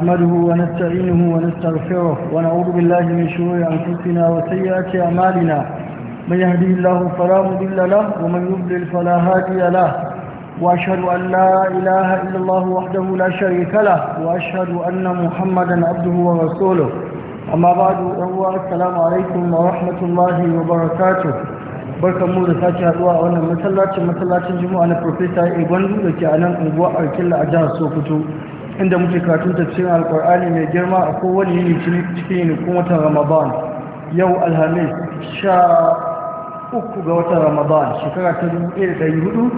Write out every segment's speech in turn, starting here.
نحمده ونستعينه ونستغفره ونعوذ بالله من شرور أنفسنا وسيئات أعمالنا من يهدي الله فلا مضل له ومن يضلل فلا هادي له وأشهد أن لا إله إلا الله وحده لا شريك له وأشهد أن محمدا عبده ورسوله أما بعد أهو السلام عليكم ورحمة الله وبركاته barkan mu da sake haduwa a wannan masallacin masallacin juma'a na professor Ibrahim da ke a nan unguwar Arkilla a jihar Sokoto inda muke karatun tafsirin alkur'ani mai girma a kowane yini cikin yinikun watan ramadan yau alhamis sha uku ga watan ramadan shekara ta dubu ɗaya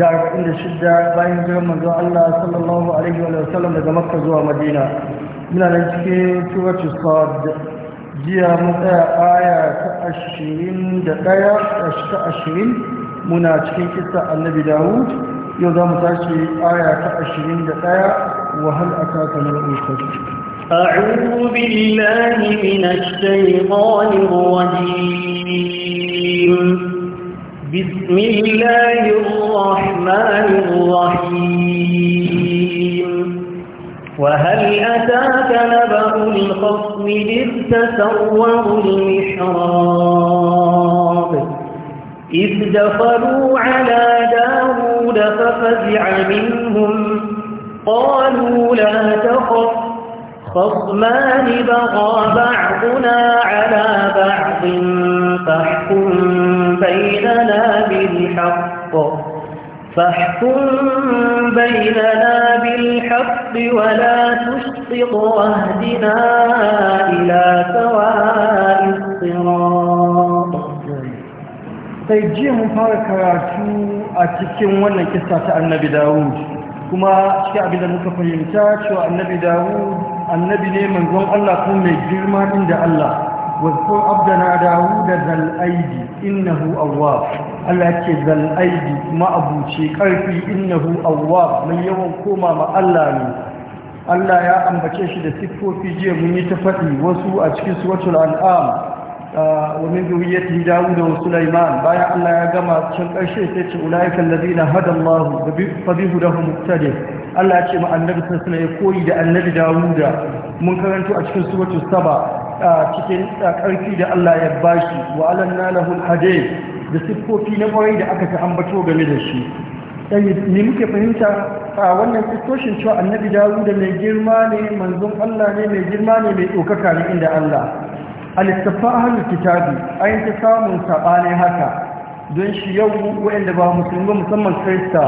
da arba'in da shida bayan girman zuwa allah sallallahu alaihi wa sallam daga makka zuwa madina muna nan cikin turatu sad jiya mun tsaya aya ta ashirin da ɗaya ta ashirin muna cikin kisa annabi dawud yau za آية عشرين دقايا وهل أتاك من ɗaya أعوذ بالله من الشيطان الرجيم بسم الله الرحمن الرحيم وهل أتاك نبأ الخصم إذ تسوروا المحراب إذ دخلوا على داود ففزع منهم قالوا لا تخف خصمان بغى بعضنا على بعض فاحكم بيننا بالحق فاحكم بيننا بالحق ولا تشطط واهدنا إلى سواء sosai jiya mun fara karatu a cikin wannan kista ta annabi dawud kuma cikin abin da muka fahimta cewa annabi dawud annabi ne manzon allah ku mai girma inda allah wasu abdana dawud da zal'aidi innahu awwa allah ce zal'aidi ma'abuce karfi innahu awwab mai yawan koma ma allah ne Allah ya ambace shi da siffofi jiya mun yi ta faɗi wasu a cikin suratul al'am ومن ذريته داود وسليمان بايع الله يا جماعة شن قرشي تيتش أولئك الذين هدى الله فبهدهم مقتدر الله يتشي مع النبي صلى الله عليه وسلم يقول دا النبي داود من كرنتو أشكل سورة السبع cikin ƙarfi da Allah ya bashi wa alanna lahul hadid da siffofi na kwarai da aka ta ambato game da shi ne muke fahimta a wannan kristoshin cewa annabi dawuda mai girma ne manzon allah ne mai girma ne mai ɗaukaka ne inda allah a ahalin kitabi an ta samun saɓanin haka don shi yau waɗanda ba musulman musamman krista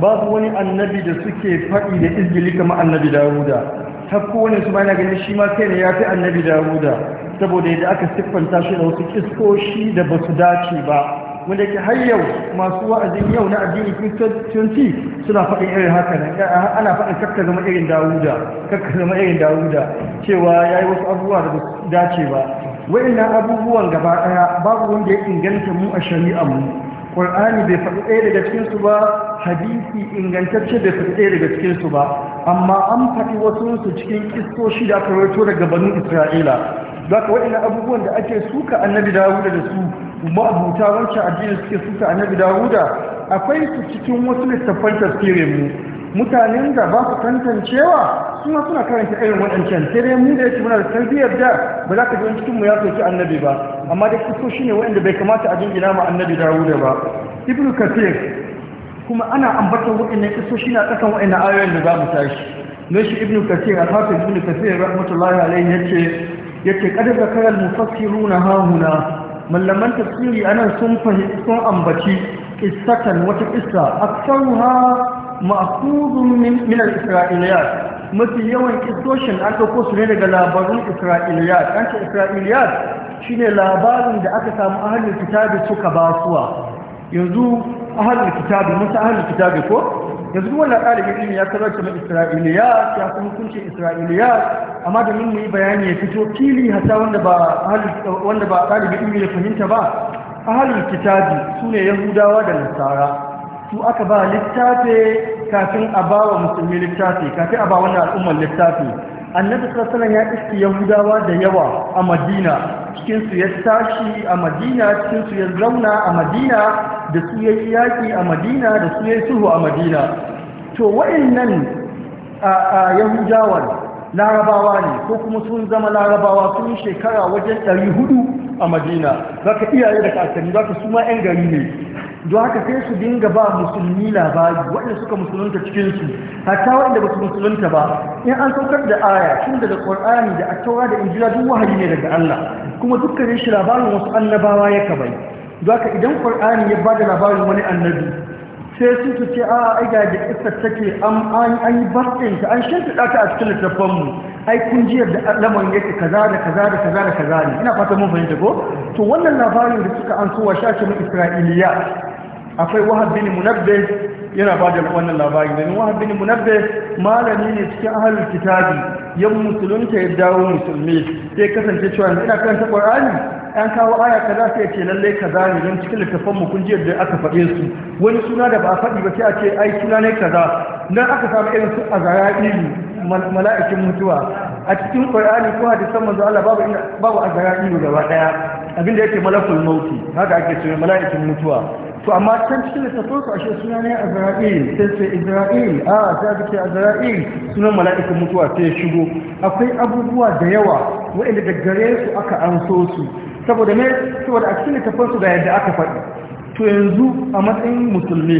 su wani annabi da suke faɗi da izgili kama annabi dawuda ta kowane su bayan ganin shi ma kai ne ya fi annabi dawuda saboda yadda aka siffanta shi da wasu kiskoshi da ba su dace ba wanda ke har yau masu wa'azin yau na addini kiristoci suna faɗin irin haka nan ana faɗin kakka zama irin dawuda kakka zama irin dawuda cewa ya yi wasu abubuwa da ba su dace ba wa'ina abubuwan gaba ɗaya babu wanda ya inganta mu a shari'a mu Ƙur'ani bai faɗi ɗaya daga cikinsu ba hadisi ingantacce bai faɗi ɗaya daga cikinsu ba amma an faɗi wasu su cikin kistoshi da aka rawaito daga banu isra'ila Za ka wa'annan abubuwan da ake suka annabi dawuda da su ma'abuta wancan addini suke suka annabi dawuda akwai su cikin wasu littattafan tasirin mu mutanen da ba su tantancewa suna suna karanta irin waɗancan sai dai mu da yake muna da tarbiyyar da ba za ka ji wani mu ya soki annabi ba amma da kuso ne waɗanda bai kamata a jingina ma annabi dawuda ba Ibn kasir kuma ana ambatar waɗannan kuso na kasan waɗanda ayoyin da za mu tashi don shi ibnu kasir alhafiz Ibn kasir rahmatullahi alaihi yace ce kada zakara al-mufassiruna na hahuna mallaman tafsiri anan sun fahimci sun ambaci qissatan wata isa. A ma'khudun min min al-isra'iliyat mafi yawan kistoshin an ɗauko su ne daga labarun isra'iliyat an ce shi shine labarin da aka samu ahalin kitabi suka suwa yanzu ahalin kitabi musa ahalin kitabi ko yanzu wannan ɗalibin ilmi ya karar kamar isra'iliyar ya kuma hukuncin isra'iliyar amma da mun yi bayani ya fito fili hata wanda ba wanda ba ɗalibin ilmi ya fahimta ba ahalin kitabi su ne yahudawa da nasara su aka ba littafi kafin a ba wa musulmi littafi kafin a ba wannan al'ummar littafi annabi sallallahu ya iski yahudawa da yawa a madina cikin ya tashi a madina cikin ya zauna a madina da su ya yaki a madina da su ya suhu a madina to wa'annan a yahudawan larabawa ne ko kuma sun zama larabawa sun yi shekara wajen 400 a madina za ka iyaye da kakanni za ka suma 'yan gari ne don haka sai su dinga ba musulmi labari waɗanda suka musulunta cikinsu hatta waɗanda ba su musulunta ba in an saukar da aya tun daga ƙwar'ani da attaura da injila duk wahayi ne daga allah kuma dukkanin shi labarin wasu annabawa ya kabai don haka idan ƙwar'ani ya ba da labarin wani annabi sai su su ce a ai ga da ƙasar take an yi bastin ta an da ɗaka a cikin mu ai kun jiyar da lamarin yake kaza da kaza da kaza da kaza ne ina fata mun fahimta ko to wannan labarin da suka an kowa shi ake mun isra'iliya akwai wahab bin munabbih yana ba da wannan labari domin wahab bin munabbe malami ne cikin ahlul kitabi yan musulunta ya dawo musulmi sai kasance cewa ina karanta qur'ani an kawo aya kaza sai ce lalle kaza ne don cikin littafan mu kun ji yadda aka faɗe su wani suna da ba a faɗi ba sai a ce ai suna ne kaza nan aka samu irin su azara'ilu mala'ikin mutuwa a cikin qur'ani ko hadisan manzo Allah babu babu azara'ilu gaba daya abinda yake malakul mauti haka ake cewa mala'ikin mutuwa to amma can cikin littattafin su ashe suna ne azra'il sai sai izra'il a ta zike azra'il sunan mala'ikan mutuwa sai shigo akwai abubuwa da yawa waɗanda da gare su aka anso su saboda me saboda a cikin littattafin su ga yadda aka faɗi to yanzu a matsayin musulmi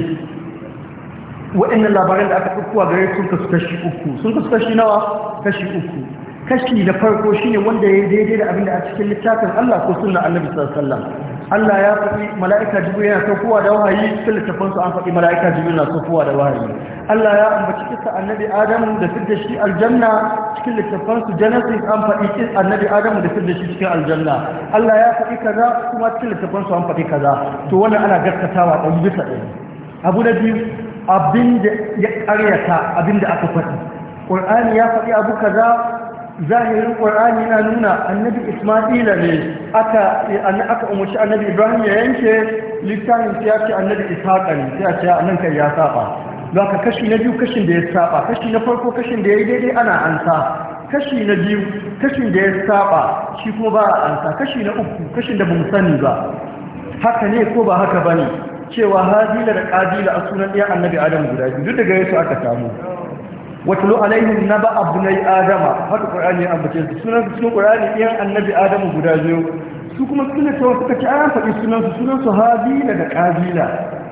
waɗannan labaran da aka ɗaukowa gare sun kasu kashi uku sun kasu kashi nawa kashi uku kashi da farko shine wanda ya daidai da abin da a cikin littafin Allah ko sunna Annabi sallallahu alaihi wasallam Allah ya faɗi mala'ika jibril yana saukowa da wahayi cikin littafin su an faɗi mala'ika jibril yana saukowa da wahayi Allah ya ambaci kisa annabi Adamu da fidda shi aljanna cikin littafin su Genesis an faɗi cikin annabi Adamu da fidda shi cikin aljanna Allah ya faɗi kaza kuma cikin littafin su an faɗi kaza to wannan ana gaskatawa ɗan bisa ɗaya abu na biyu abin da ya ƙaryata abin da aka faɗi Qur'ani ya faɗi abu kaza zahirin ƙwar'ani na nuna annabi ismaila ne aka umarci annabi ibrahim ya yanke littafin ya ce annabi ishaƙa ne ya ce a nan kai ya saba za ka kashi na biyu kashin da ya saba kashi na farko kashin da ya yi daidai ana ansa kashi na biyu kashin da ya saba shi kuma ba a ansa kashi na uku kashin da bamu sani ba haka ne ko ba haka ba ne cewa hadila da ƙabila a sunan ɗaya annabi adam guda biyu duk daga yasu aka samu watlu alaihim naba abnai adama haka qur'ani ya ambace su sunan cikin qur'ani iyan annabi adamu guda biyu su kuma suna su suka ci an faɗi sunan su sunan su habila da qabila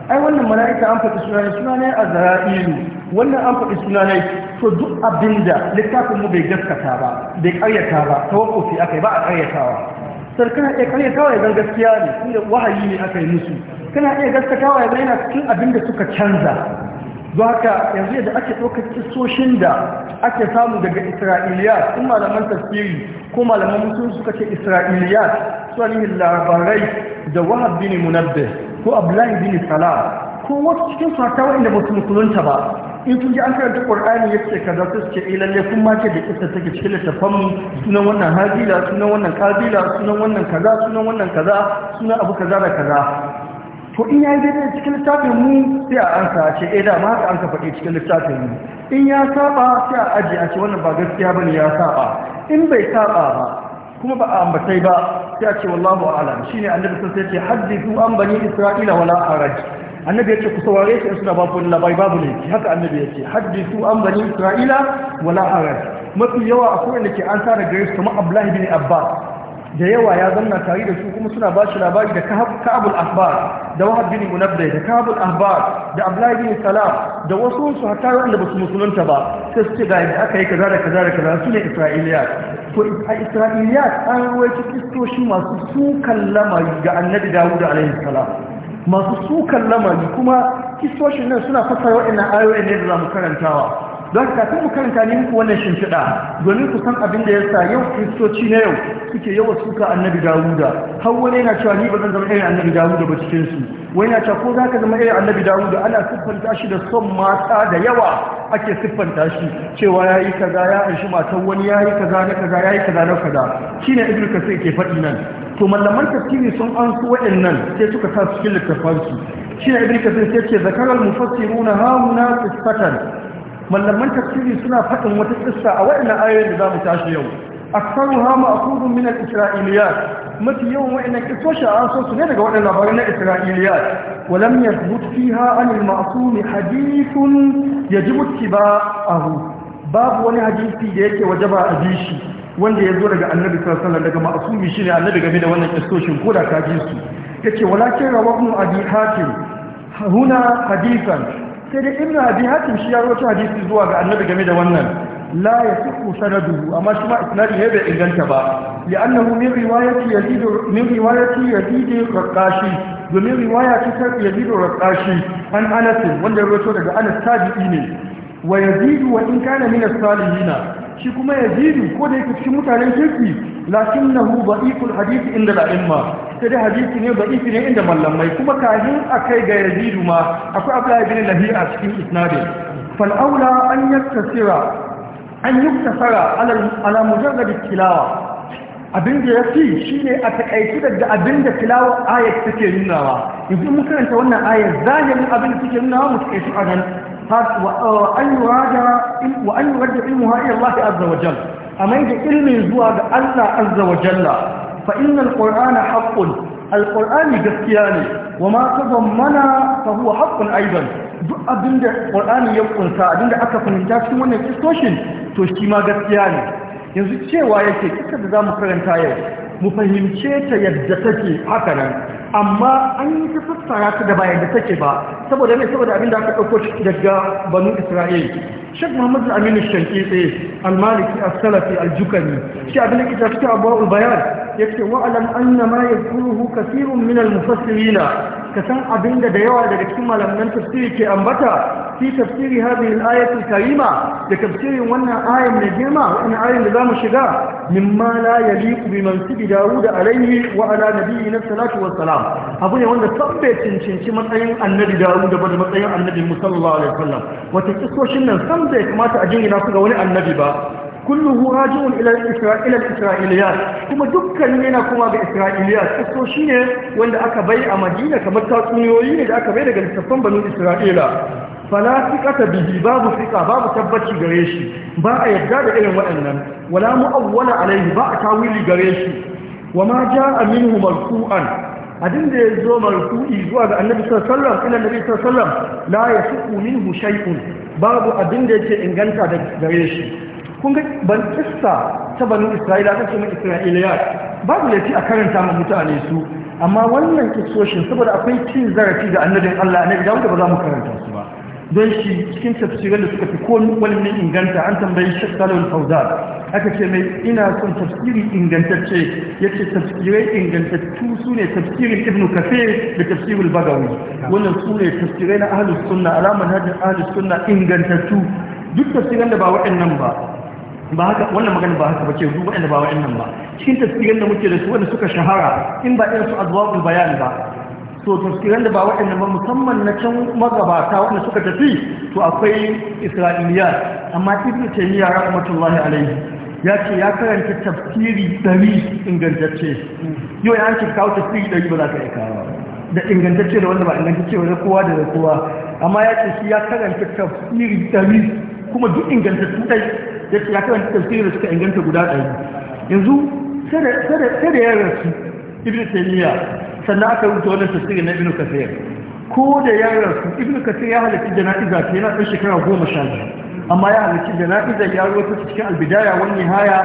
ai wannan mala'ika an faɗi suna ne suna ne azra'ilu wannan an faɗi suna ne to duk abinda littafin mu bai gaskata ba bai karyata ba tawakkufi akai ba a ƙaryatawa sarkana iya kare kawai don gaskiya ne inda wahayi ne aka yi musu kana iya gaskatawa ya yana cikin abinda suka canza zuwa ka, yanzu yadda ake ɗaukar kisoshin da ake samu daga Isra'iliya sun malaman tafsiri ko malaman mutum suka ce isra'iliyat su nihin labarai da wahab bin munabbe ko abdullahi bin salam ko wasu cikin fata wanda ba su musulunta ba in sun ji an karanta qur'ani ya ce kaza su ce eh lalle kun ma ce da kisa take cikin littafan mu sunan wannan hazila sunan wannan sunan wannan kaza sunan wannan kaza sunan abu kaza da kaza to in ya yi daidai cikin littafin mu sai a ansa ce eh ma ma an ka faɗi cikin littafin mu in ya saba sai a aji a ce wannan ba gaskiya bane ya saba in bai saba ba kuma ba a ambatai ba sai a ce wallahu a'lam shine annabi sun sai ce hadithu an bani isra'ila wala haraj annabi yace ku saurare shi suna ba ku labari babu ne haka annabi yace hadithu an bani isra'ila wala haraj mafi yawa akwai wanda ke an sa da gare su kamar abdullahi bin abbas da yawa ya zanna tare da su kuma suna ba shi labari da ka'abul ahbar da wahab bin munabbi da ka'abul ahbar da abdullahi bin salam da wasu su hatta wanda ba su musulunta ba sai su ce ga yadda aka yi kaza da kaza da kaza su ne isra'iliya to a isra'iliya an rawaito kistoshi masu sukan lamari ga annabi dawud alaihi salam masu sukan lamari kuma kistoshin nan suna fasara wa'annan ayoyin ne da za mu karantawa don kafin mu karanta ne muku wannan shimfiɗa domin ku san abin da ya sa yau kristoci na yau suke yawa suka annabi dawuda har wani yana cewa ni ba zan zama irin annabi dawuda ba cikin su wani yana cewa ko za ka zama irin annabi dawuda ana siffanta shi da son mata da yawa ake siffanta shi cewa ya yi kaza ya anshi matan wani ya yi kaza na kaza ya yi kaza na kaza shi ne kasir ke faɗi nan to malaman tafsiri sun an su waɗannan sai suka sa cikin littafansu shi ne ibn kasir sai ke zakarar mufassiruna hauna sifatan mallaman tafsiri suna faɗin wata kissa a waɗannan ayoyin da za mu tashi yau aksaruha ma'khudun min al-isra'iliyat mafi yawan waɗannan kissoshi a so su ne daga waɗannan labarai na isra'iliyat wa lam yathbut fiha an al-ma'sum hadithun yajibu ittiba'ahu babu wani hadisi da yake wajaba a ji shi wanda ya zo daga annabi sallallahu alaihi wasallam daga ma'sumi shine annabi game da wannan kissoshin ko da ka ji su yace walakin rawahu abi hatim huna hadithan sai dai ina abi hakim shi ya rawaito hadisi zuwa ga annabi game da wannan la yasihu sanaduhu amma shi ma isnadi ne bai inganta ba li'annahu min riwayati yazid min riwayati yazid raqashi domin riwaya ta yazid raqashi an anas wanda ya rawaito daga anas tabi'i ne wa yazidu wa in kana min as-salihin shi kuma yazidu ko da yake cikin mutanen kirki lakinnahu da'iqul hadith inda al-imma sai hadisi ne da'ifi ne inda mallamai kuma kafin akai ga yazidu ma akwai abla ibn lahi a cikin isnadin fal aula an yaktasira an yuktasara ala ala mujarrad tilawa abin da ya fi shi ne a takaici daga abin da tilawa ayat take nunawa yanzu mun karanta wannan ayat zahirin abin da take nunawa mu takaici a nan وأن يراجع وأن يرجع علمها إلى الله عز وجل أما إذا علم زواج الله عز وجل فإن القرآن حق القرآن جسياني وما تضمن فهو حق أيضا duk abin da ƙwar'ani ya ƙunsa abin da aka fahimta cikin wannan kistoshin to shi ma gaskiya ne yanzu cewa yake kisa da za mu karanta yau mu fahimce ta yadda take haka nan amma an yi ta sassara ta da bayan da take ba saboda mai saboda abin da aka ɗauko daga banu isra'il shek muhammad aminu shankitse almaliki as-salafi al-jukani shi abin da kita cikin abuwa bayan ya ce wa'alam anna ma yadkuruhu kasirun min al-mufassirina ka san abin da da yawa daga cikin malaman tafsiri ke ambata fi tafsiri hadhihi al-ayat karima da tafsirin wannan ayat mai girma wannan ayat da zamu shiga mimma la yaliqu bi mansibi Dawud alayhi wa ala nabiyina salatu wa salam abu ne wanda tabbe cincinci matsayin annabi Dawud da matsayin annabi Musa sallallahu alaihi wasallam wata kisoshin nan sam ya kamata a jingina su ga wani annabi ba kullum hura ila isra'ila isra'iliyat kuma dukkan yana kuma ga isra'iliyat so ne wanda aka bai a madina kamar tatsuniyoyi ne da aka bai daga littattafan banin isra'ila fala fiqata bihi babu fika babu tabbaci gare shi ba a yarda da irin waɗannan wala mu'awwala alaihi ba a tawili gare shi wa ma ja'a minhu marfu'an abin da ya zo marfu'i zuwa ga annabi sallallahu alaihi wasallam ila annabi sallallahu alaihi wasallam la yasuqu minhu shay'un babu abin da yake inganta da gare shi kun ga ban kissa ta banu isra'ila ta ce mai isra'iliya babu ci a karanta ma mutane su amma wannan kisoshin saboda akwai cin zarafi da annabin Allah annabi da ba za mu karanta su ba don shi cikin tafsirin da suka fi ko wani inganta an tambayi Sheikh Fauzar. aka ce mai ina son tafsiri ingantacce yace tafsirai ingantattu su ne tafsirin ibn kafe da tafsirin bagawi wannan su ne tafsirai na ahalus sunna alaman hajjin ahalus sunna ingantattu duk tafsiran da ba waɗannan ba ba haka wannan magana ba haka bace duk wanda ba nan ba cikin tafsirin da muke da su wanda suka shahara in ba irin su azwaqul bayan ba so tafsirin da ba nan ba musamman na can magabata wanda suka tafi to akwai isra'iliyat amma ibnu taymiya rahmatullahi alaihi ya ce ya karanta tafsiri dari ingantacce yau ya ce kawo tafsiri dari ba za ka aika kawo da ingantacce da wanda ba ingantacce wani kowa da kowa amma ya ce shi ya karanta tafsiri dari kuma duk ingantattu dai ya ce ya karanta tafsiri da suka inganta guda ɗari yanzu sai da ya rasu ibn taymiya sannan aka rubuta wannan tafsiri na ibn kasir ko da ya rasu ibn kasir ya halarci jana'iza ta yana ɗan shekara goma sha biyu amma ya halarci jana'izar ya ruwaito cikin albidaya wani haya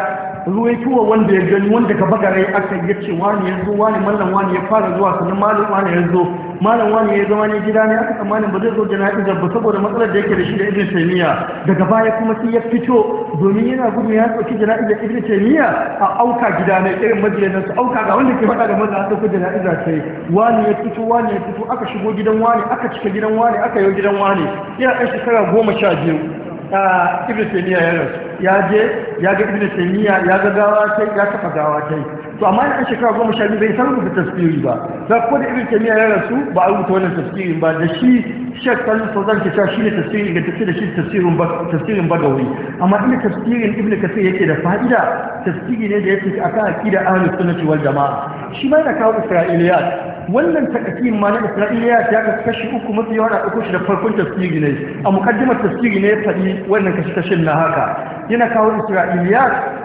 ruwaitowa wanda ya gani wanda ka baga rai aka yi ce wani ya zo wani mallan wani ya fara zuwa sannan mallan wani ya zo mallan wani ya zama ne gida ne aka tsammanin ba zai zo jana'izar ba saboda matsalar da yake da shi da ibn taymiya daga baya kuma sai ya fito domin yana gudu ya dauki jana'izar ibn taymiya a auka gida ne irin majiyanan su auka ga wanda ke faɗa da maza an dauki jana'iza sai wani ya fito wani ya fito aka shigo gidan wani aka cika gidan wani aka yi gidan wani yana ɗan shekara goma sha biyu a ibn taymiya ya rasu ya je ya ga ibn taymiya ya ga gawa sai ya taba gawa sai to amma in shekara goma sha biyu bai san rubuta tafsiri ba za ko da ibn taymiya ya rasu ba a rubuta wannan tafsirin ba da shi shek kan zan ke shi ne tafsirin ga da shi tafsirin ba tafsirin bagawi amma ina tafsirin ibn kasir yake da fa'ida tafsiri ne da yake akan aqida ahlus sunnati wal jamaa shi ma yana kawo isra'iliyat wannan takakin ma na isra'iliya ya kasu kashi uku mafi yawa na ɗauko da farkon tafsiri ne a muqaddimar tafsiri ne ya faɗi wannan kashi kashin na haka yana kawo isra'iliya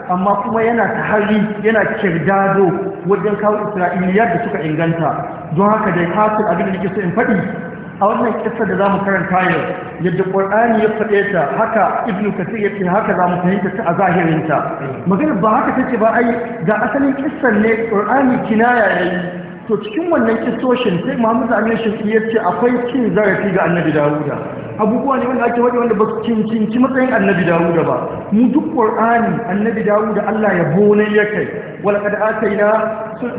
amma kuma yana ta hari yana kirdado wajen kawo isra'iliya da suka inganta don haka dai hasil abin da nake so in faɗi a wannan kissa da zamu karanta yau yadda Qur'ani ya faɗe ta haka Ibn Kathir ce, haka zamu fahimta ta a zahirinta magana ba haka take ba ai ga asalin kissan ne Qur'ani kinaya yayi to cikin wannan kistoshin sai Muhammad Amir Shafi ya ce akwai cin zarafi ga Annabi Dawuda abubuwa ne wanda ake wani wanda ba su cincinci matsayin Annabi Dawuda ba mu duk Qur'ani Annabi Dawuda Allah ya bonai ya kai aka yi na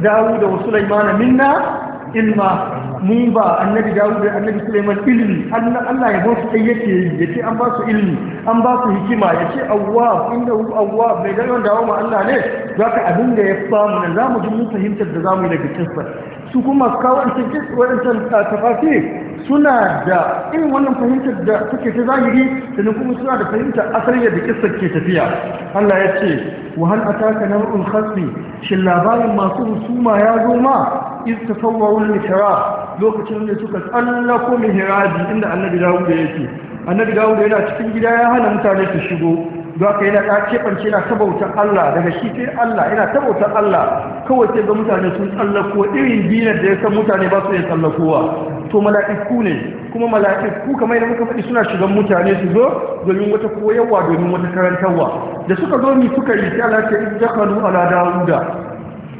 Dawuda wa Sulaimana minna ilma mun ba annabi dawud da annabi suleiman ilmi allah ya ba su kai yake yi ya ce an ba su ilmi an ba su hikima ya ce awwa inda hu awwa mai dalwan dawo ma allah ne za abin da ya samu na za mu ji mun fahimtar da zamu mu yi daga cikinsa su kuma kawo waɗancan ah, tafafi suna da irin wannan fahimtar da suke ta zahiri da kuma suna da fahimtar asali da kisa ke tafiya Allah ya ce wa hal ataka naw'ul khasmi shin labarin masu husuma ya zo ma iz al lokacin da suka tsallako mihrabi inda annabi Dawud yake annabi Dawud yana cikin gida ya hana mutane su shigo don haka yana ta keɓance na tabautar Allah daga shi sai Allah yana tabautar Allah kawai sai ga mutane sun tsallako irin dinar da ya san mutane ba su yin tsallakowa to mala'iku ne kuma mala'iku kamar yadda muka faɗi suna shigan mutane su zo domin wata koyarwa domin wata karantarwa da suka zo ni suka yi sai Allah ya idakalu ala dawuda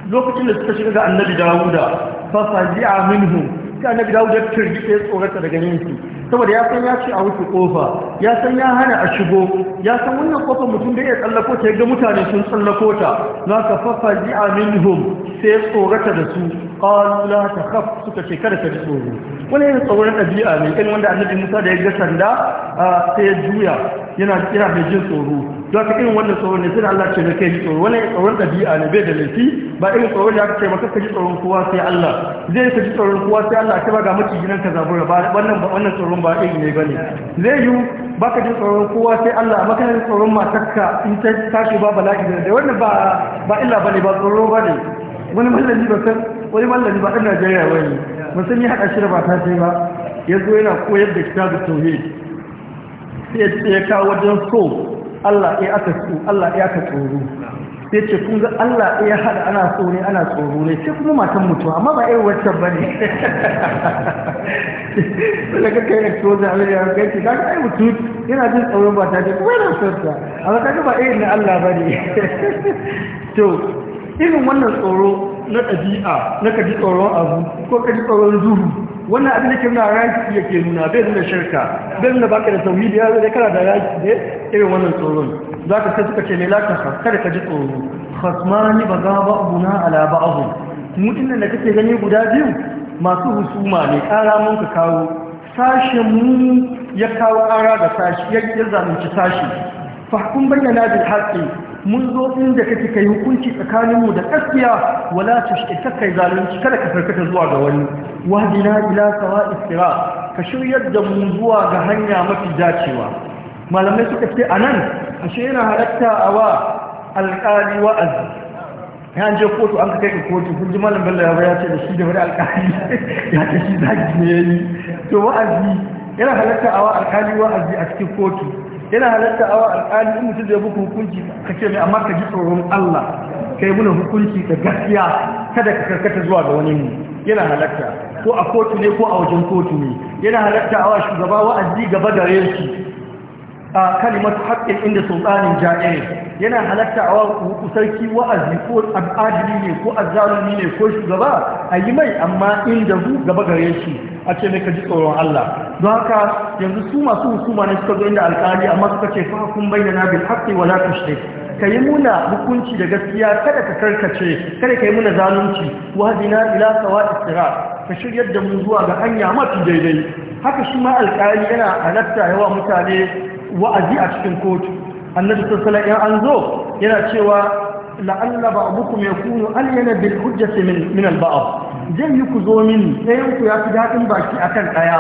lokacin da suka shiga ga annabi dawuda fa a minhu sai annabi dawuda ya turgi sai tsorata daga yin su saboda ya san ya ce a wuce kofa ya san ya hana a shigo ya san wannan kofa mutum da ya tsallako ta ga mutane sun tsallako ta na ka fafa ji a minhum sai tsorata da su ƙwallo ta kaf suka ce kada ka ji tsoro wani yin tsoron ɗabi'a ne irin wanda annabi musa da ya ga sanda sai ya juya yana yana mai jin tsoro za ka irin wannan tsoron ne sai Allah ce da kai ji tsoro wani tsoron ɗabi'a ne bai da laifi ba irin tsoron da aka ce maka ka ji tsoron kowa sai Allah zai ka ji tsoron kowa sai Allah ta ba ga maciji nan ka zabura ba wannan wannan tsoron ba iri ne ba ne zai yi baka jin tsoron kowa sai Allah a kana jin tsoron matarka in ta tashi ba ba bala'i da wani ba illa ba ne ba tsoron ba ne wani mallami ba san wani mallami ba dan Najeriya bane mun san ya hada shi da ba ta sai ba yazo yana koyar da kitabu tauhid sai ya kawo wajen so Allah ya aka tsoro sai ce kun ga Allah ya hada ana so ne ana tsoro ne sai kuma matan mutuwa amma ba irin wacce ba ne ka kai exposure a wajen kai ka kai mutu yana jin tsoron ba ta ce kuma yana son ta amma ka ga ba irin na Allah ba ne to irin wannan tsoro na ɗabi'a na ka ji tsoron abu ko ka ji tsoron duhu wannan abin da ke nuna ya yake nuna bai nuna shirka bai nuna baka da tauhidi ya zai kana da raki ne irin wannan tsoron za ka sai suka ce ne laka kada ka ji tsoro khasmani ba za ba abuna na alaba abu mu da kake gani guda biyu masu husuma ne kara mun ka kawo sashen mu ya kawo kara da sashi ya zalunci sashi fahkun bayyana bil haqqi mun zo inda kake kai hukunci tsakaninmu da gaskiya wala tushkita kai zalunci kada ka farkata zuwa ga wani wahdina ila sawa istira ka shiryar da mu zuwa ga hanya mafi dacewa malamai suka ce anan ashe yana halatta a wa alƙali wa'azi ya an je kotu an ka kai ka kotu kun ji malam bello ya ya ce da shi da wani alƙali ya ce shi zaki ne yi. to wa'azi yana halatta a wa alƙali wa'azi a cikin kotu yana halatta awa alƙali in mutum zai buku hukunci ka ce mai amma ka ji tsoron Allah ka yi muna hukunci da gaskiya kada ka karkata zuwa ga wani mu yana halatta ko a kotu ne ko a wajen kotu ne yana halatta awa shugaba wa'azi gaba gare shi a kalimar haƙƙin inda sultanin ja'ir yana halatta a sarki wa'azi ko al'adili ne ko azzalumi ne ko shugaba a yi mai amma inda zu gaba gare shi a ce mai ka ji tsoron Allah don haka yanzu su masu hukuma ne suka zo inda alƙali amma suka ce fa kun bayyana bil haqqi wala tushrik ka yi muna hukunci da gaskiya kada ka karkace kada ka yi muna zalunci wahdina ila sawa istirat ka shiryar da mu zuwa ga hanya mafi daidai haka shi ma alƙali yana halatta yawa mutane wa'azi a cikin kotu annabi sallallahu alaihi an zo yana cewa la'alla ba'dukum yakunu alyana bil hujjati min min al-ba'd zai yi ku zo mini ɗayan ku ya fi daɗin baki akan ɗaya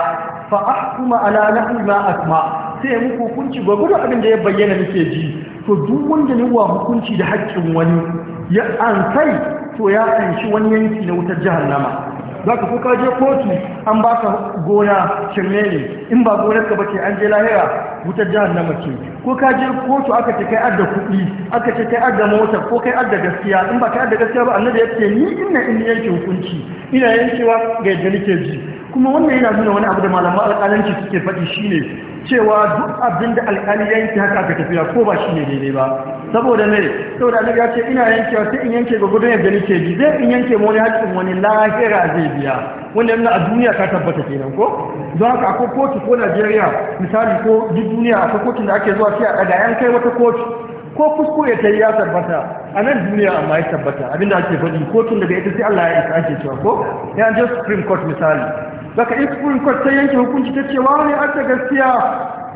fa a ala nahwi ma asma sai muku hukunci ba gudu abin da ya bayyana muke ji to duk wanda ne wa hukunci da haƙƙin wani ya ansai to ya anshi wani yanki na wutar nama. za ka kuka je kotu an ba ka gona shirme ne in ba gonar ka bace an je lahira wutar na mace ko ka je kotu aka ce kai adda kuɗi aka ce kai adda mota ko kai adda gaskiya in ba kai adda gaskiya ba annabi ya ce ni ina in yanke hukunci ina yankewa ga yadda nake ji kuma wannan yana nuna wani abu da malaman alƙalanci suke faɗi shine cewa duk abin da alƙali ya yanke haka aka tafiya ko ba shi ne daidai ba saboda mai saboda annabi ya ce ina yankewa sai in yanke ga gudun yadda nake ji zai in yanke wani haƙƙin wani lahira zai biya wanda yana a duniya ka tabbata kenan ko don haka akwai kotu ko Najeriya misali ko duk duniya akwai kotun da ake zuwa sai a ɗaga yan kai wata kotu ko kuskure ta yi ya tabbata a nan duniya amma ya tabbata abinda ake faɗi kotun daga ita sai Allah ya isa ake cewa ko ya je Supreme Court misali daga supreme court ta yanke hukunci ta ce wani an ta gaskiya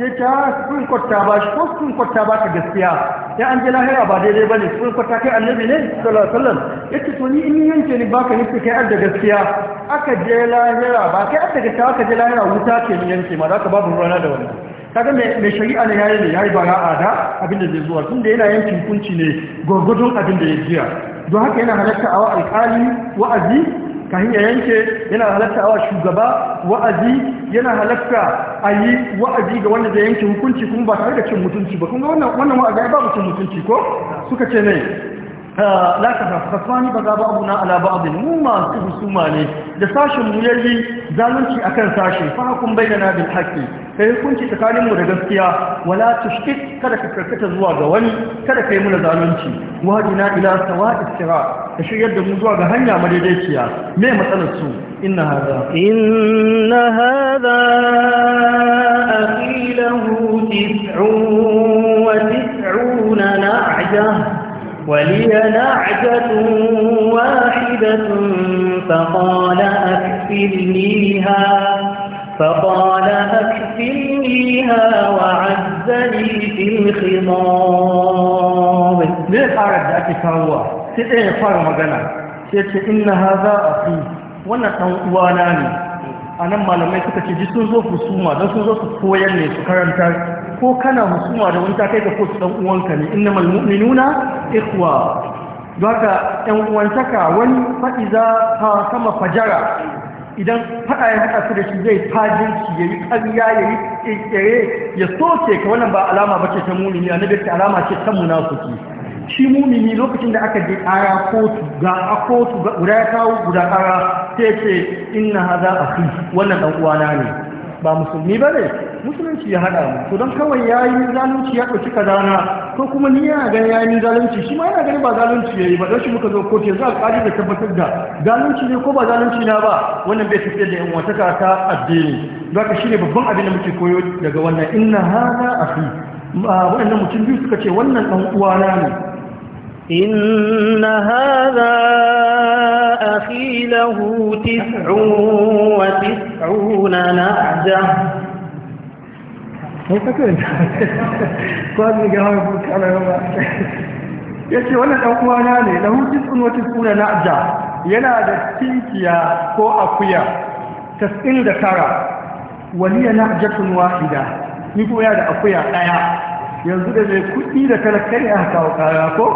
ya ta ah, supreme court ta bashi ko supreme court ta baka gaskiya ya an je lahira ba daidai ba ne supreme court ta kai annabi ne sallallahu alaihi wasallam yace to ni in yanke ni baka nufi kai an da gaskiya aka je lahira ba kai an da gaskiya aka je lahira wuta ke ni yanke ma za ka babu rana da wani kaga mai shari'a ne yayi ne yayi bara'a da abin da zai zuwa tun da yana yankin hukunci ne gwargwadon abin da ya jiya don haka yana halatta a alƙali wa'azi kahin ya yanke yana halatta awa shugaba wa'azi yana halatta a yi wa'azi ga wanda zai yanke hukunci kuma ba tare da cin mutunci ba kuma wannan wa'azi babu mutunci ko suka ce ne لا تفرق خصماني بقى بعضنا على بعض مو ما تقول سومالي لساش مولي زالنشي أكن ساش فحكم بيننا بالحق فيكونش تكالم ورغسيا ولا تشكت كدك كركت زواج وني كدك يمول زالنشي وهدنا إلى سواء السراء أشياء دموزوا بهنيا مريديشيا مي مثل السوء إن هذا إن هذا أخي له تسع وتسعون نعجة ولي نعجة واحدة فقال أكفلنيها فقال أكفلنيها وعزني في الخضاب ليه حارد أتكوى سيئة إيه فرمجنا سيئة إن هذا أخي وانا وانا a nan malamai suka ce ji sun zo husuma don sun zo su koyar ne su karanta ko kana husuma da wani ta kai ka ko su dan uwanka ne inna mal mu'minuna ikhwa haka 'yan uwantaka wani faɗi za ka sama fajara idan faɗa ya haɗa su da shi zai fajinci ya yi ƙarya ya yi ƙirƙire ya soke ka wannan ba alama ba ce ta muni ne a ta alama ce ta munafiki shi mumini lokacin da aka je ƙara kotu ga a kotu guda ya kawo guda ƙara sai ce inna haza a fi wannan ɗan uwana ne ba musulmi ba ne musulunci ya haɗa mu to don kawai ya yi zalunci ya ɗauki kazana ko kuma ni yana gani ya yi zalunci shi ma yana ganin ba zalunci ya yi ba don shi muka zo kotu yanzu alƙali da tabbatar da zalunci ne ko ba zalunci na ba wannan bai tafiya da yan wataka ta addini zaka shine babban abin da muke koyo daga wannan inna haza a fi wannan mutum biyu suka ce wannan ɗan uwana ne إن هذا أخي له تسع وتسعون نعجة قال لي جاوبك على يوم yace wannan dan uwana ne lahu tis'un wa tis'una na'ja yana da tinkiya ko akuya 99 waliya na'jatun wahida ni ko ya da akuya daya yanzu da zai kudi da talakkai aka kawo kaya ko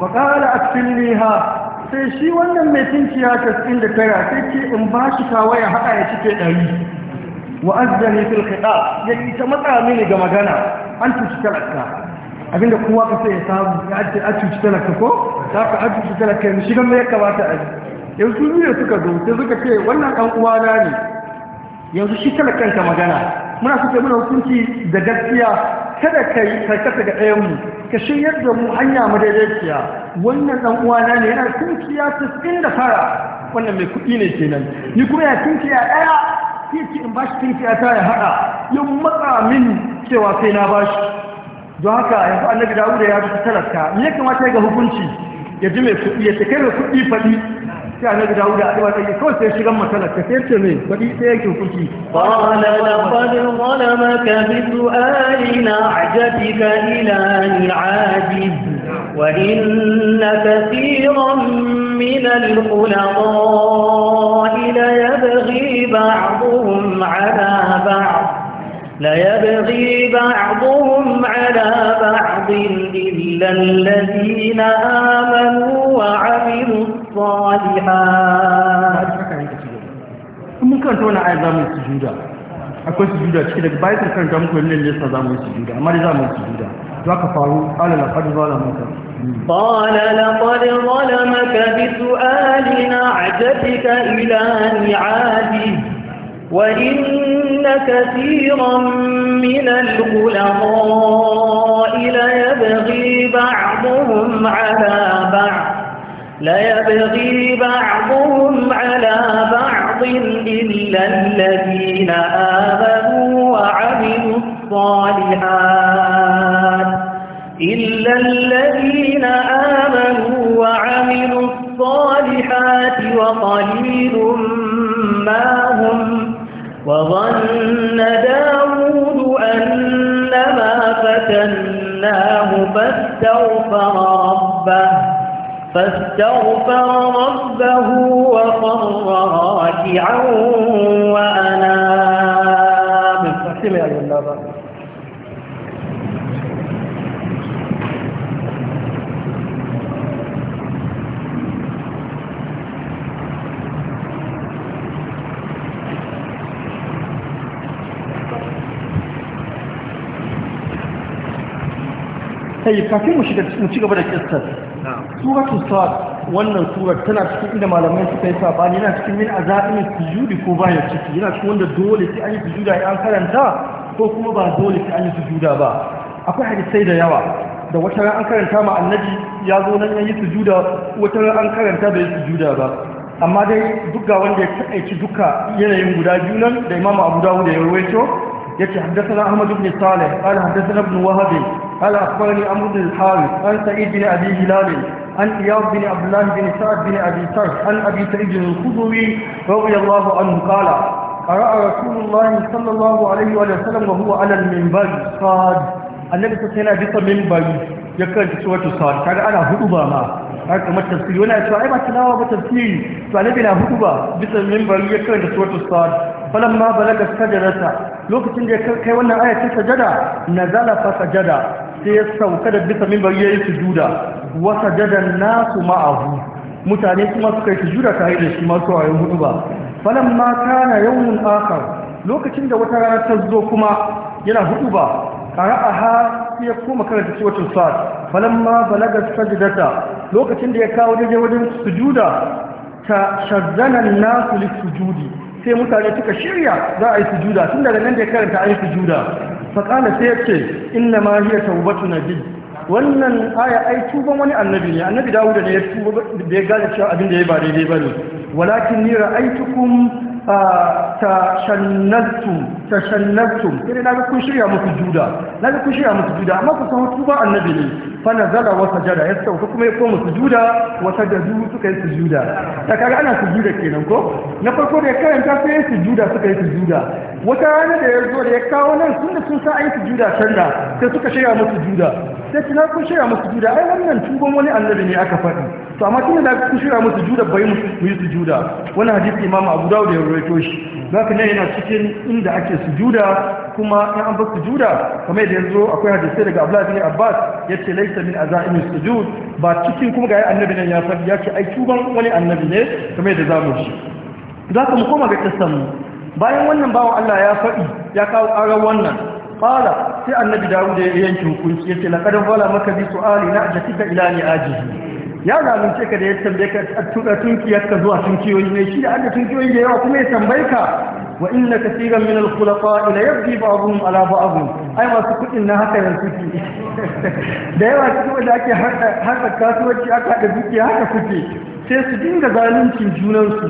faƙala a cikin liha sai shi wannan mai tinciya tasirin da tara sai ce in ba shi kawai ya haɗa ya cike ɗari wa azzani fil khida ya yi ta matsa mini ga magana an cuci talaka abinda kowa ka sai ya samu ya ce a tuci talaka ko za ka a tuci talaka yanzu shigan mai ya kamata a yanzu ne suka zo sai suka ce wannan ɗan uwana ne yanzu shi talakan ka magana muna suke muna hukunci da gaskiya kada ka yi karkata ga ɗayan mu ka shiryar da mu hanya mu daidaiciya wannan dan uwana ne yana tunkiya da fara wannan mai kuɗi ne kenan ni kuma ya tunkiya ɗaya sai ce in bashi tunkiya ta ya haɗa yin matsa min cewa sai na bashi don haka yanzu annabi dawuda ya fi talaka me ya kamata ya ga hukunci ya ji mai kuɗi ya ce kai mai kuɗi faɗi sai annabi dawud da addu'a sai kawai sai shigan matsalar ta sai ce mai bari sai yake hukunci qala laqad zalamaka bi su'ali na'jatika ila al'ajiz wa inna kathiran min al-khulaqa la yabghi ba'dhum 'ala ba'd la yabghi ba'dhum 'ala ba'd illa alladhina amanu wa 'amilu الصالحات mun karanta wani ayat zamu sujuda akwai sujuda ciki daga bayan karanta muku wannan ne sa zamu sujuda amma dai zamu sujuda za ka faru ala qala laqad zalamaka qala laqad zalamaka bi su'alina ajabika ila ni'adi wa inna katiran min al-ulama ila yabghi ba'dhum ala ba'd لا يبغي بعضهم على بعض إلا الذين آمنوا وعملوا الصالحات إلا الذين آمنوا وعملوا الصالحات وقليل ما هم وظن داود أنما فتناه فاستغفر ربه فاستغفر ربه وقر راكعا وأناب سمع الله طيب كافي مش مش قبل القصه suratu sa'ad wannan surar tana cikin inda malamai suka yi sabani yana cikin min azamin sujudi ko baya ciki yana cikin wanda dole sai an yi sujuda an karanta ko kuma ba dole sai an yi sujuda ba akwai hadisai da yawa da wata ran an karanta ma annabi ya zo nan yayi sujuda wata ran an karanta bai sujuda ba amma dai duk ga wanda ya taƙaici duka yanayin guda biyu nan da imamu abu dawud da ya rawaito yace haddathana ahmad ibn salih qala haddathana ibn wahab قال أخبرني أمر بن الحارث عن سعيد بن أبي هلال عن إياب بن عبد الله بن سعد بن أبي سرح عن أبي سعيد الخدري رضي الله عنه قال قرأ رسول الله صلى الله عليه وسلم وهو على المنبر صاد النبي صلى الله عليه وسلم منبر يكرر سورة صاد كان أنا هدوبا ما har kamar tafsiri wani cewa ai ba tilawa ba tafsiri to annabi na hudu ba bisa minbari ya karanta suratul sad falan ma balaga sajdata lokacin da kai wannan aya ta sajada nazala fa sajada sai ya sauka da bisa mimbar ya yi sujuda wasa jadan nasu ma'ahu mutane kuma suka yi sujuda tare da shi masu wayan hudu ba falan ma kana yawun akar lokacin da wata rana ta zo kuma yana hudu ba ha sai ya koma karanta suratul fat falan ma balaga sajdata lokacin da ya kawo daidai wajen sujuda ta shazzanan nasu lis sujudi sai mutane suka shirya za a yi sujuda tun daga nan da ya karanta a yi sujuda faƙala sai ya ce inna ma hiya taubatu nabi wannan aya ai tuban wani annabi ne annabi da ne ya tuba da ya gaza cewa abin da ya ba daidai bane walakin ni ra'aytukum ta shannatum kire na ga kun shirya muku juda na ga kun shirya muku juda amma ku san tuba annabi ne fana zara wasa jada ya sauka kuma ya koma sujuda wasa da zuhu suka yi sujuda ta kaga ana sujuda kenan ko na farko da ya karanta sai ya sujuda suka yi sujuda wata rana da ya zo da ya kawo nan sun da sun sa a yi sujuda can da sai suka shirya musu juda sai na kun shirya musu juda ai wannan tuban wani annabi ne aka faɗi to amma tun da kun shirya musu juda bai mu yi sujuda wannan hadisi imamu abu da ya rawaito shi zaka ne yana cikin inda ake sujuda kuma in an bar sujuda kamar da yanzu akwai hadisi daga Abdullah bin Abbas yace laisa min azaimin sujud ba cikin kuma ga annabi nan ya faɗi yace ai tuban wani annabi ne kamar yadda zamu shi za mu koma ga kissan bayan wannan bawan Allah ya faɗi ya kawo ƙarar wannan fara sai annabi Dawud ya yanke hukunci yace laqad wala maka bi su'ali na ajatika ila ni ajihi ya zalunce ka da ya tambaye ka tunkiyar ka zuwa tunkiyoyi ne shi da an tunkiyoyi da yawa kuma ya tambaye ka wa inna kaseeran min al-khulafa ila yabghi ba'dhum ala ba'dhum ai masu kudin na haka yanzu ki da yawa cikin da ake haka kasuwanci aka da dukiya haka kuke sai su dinga zaluncin junansu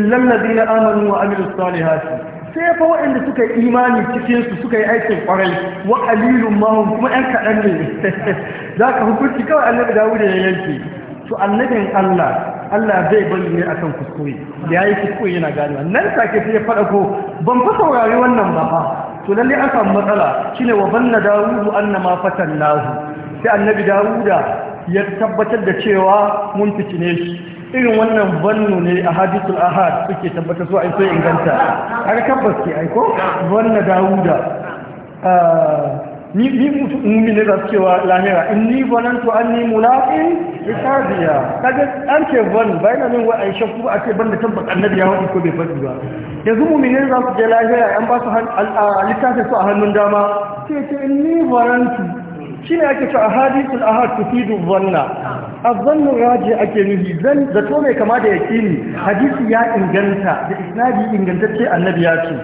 illal ladina amanu wa amilus salihati sai fa waɗanda suka yi imani cikinsu suka yi aikin kwarai wa kalilun mahun kuma ‘yan kaɗan ne za ka hukunci kawai annabi dawuda ya yanke to annabin Allah Allah zai bari ne akan kuskure ya yi kuskure yana ganewa nan take sai ya faɗa ko ban fa saurari wannan ba fa to lalle an samu matsala shine wa banna dawudu annama fatallahu sai annabi dawuda ya tabbatar da cewa mun fitine shi irin wannan bannu ne a hadithul ahad suke tabbatar su ai sai inganta har tabbas ke aiko banna dawuda ah, ni ni mu'mini da cewa lahira to an ni mulaqin hisabiya kaga an ce ban bayan nan wa Aisha ko a ce ban da tabbata annabi ya wadi ko bai faɗi ba yanzu mu'mini ne su je lahira an ba su littafin su a hannun dama sai ce in inni shi shine ake cewa ahadithul ahad tufidu dhanna azannin raji ake nufi zan zato mai kama da yakini hadisi ya inganta da isnadi ingantacce annabi ya ce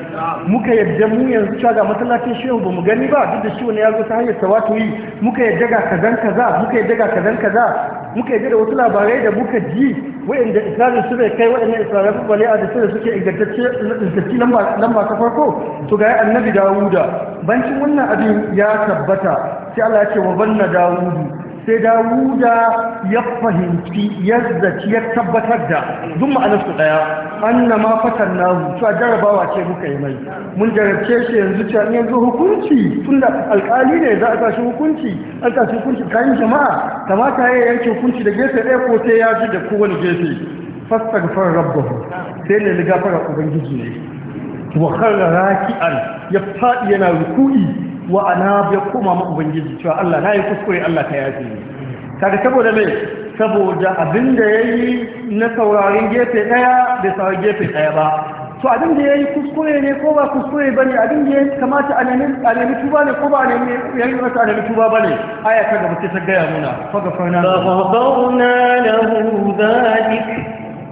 muka yadda mu yanzu cewa ga masallacin shehu ba mu gani ba duk da shi wani ya zo ta hanyar yi. muka yadda ga kazan kaza muka yadda ga kazan kaza muka yadda da wasu labarai da muka ji Waɗanda isnadin su bai kai wa'inda isra'ila bale a da su da suke ingantacce ingantacce lamba ta farko to ga annabi dawuda bancin wannan abin ya tabbata sai Allah ya ce wa banna dawudu sai dawuda ya fahimci yadda ya tabbatar da duk ma'anarsu an na ma fatan nahu cewa jarabawa ce muka yi mai mun jarabce shi yanzu cewa yanzu hukunci tun da alƙali ne za a tashi hukunci an tashi hukunci kayan jama'a ta ya yanke hukunci da gefe ɗaya ko sai ya ji da kowane gefe fastaghfar rabbahu sai ne ligafara ubangiji ne wa kharra raki'an ya faɗi yana ruku'i wa ana ya koma ma ubangiji cewa Allah na yi kuskure Allah ka yafe ni kaga saboda me saboda abin da ya yi na saurarin gefe ɗaya bai saurarin gefe ɗaya ba to abin da ya yi kuskure ne ko ba kuskure ba ne, abin da ya kamata a nemi a nemi tuba ne ko ba a nemi yayi wata a nemi tuba bane aya ta gaba ce ta gaya muna fa gafarna lahu dhalik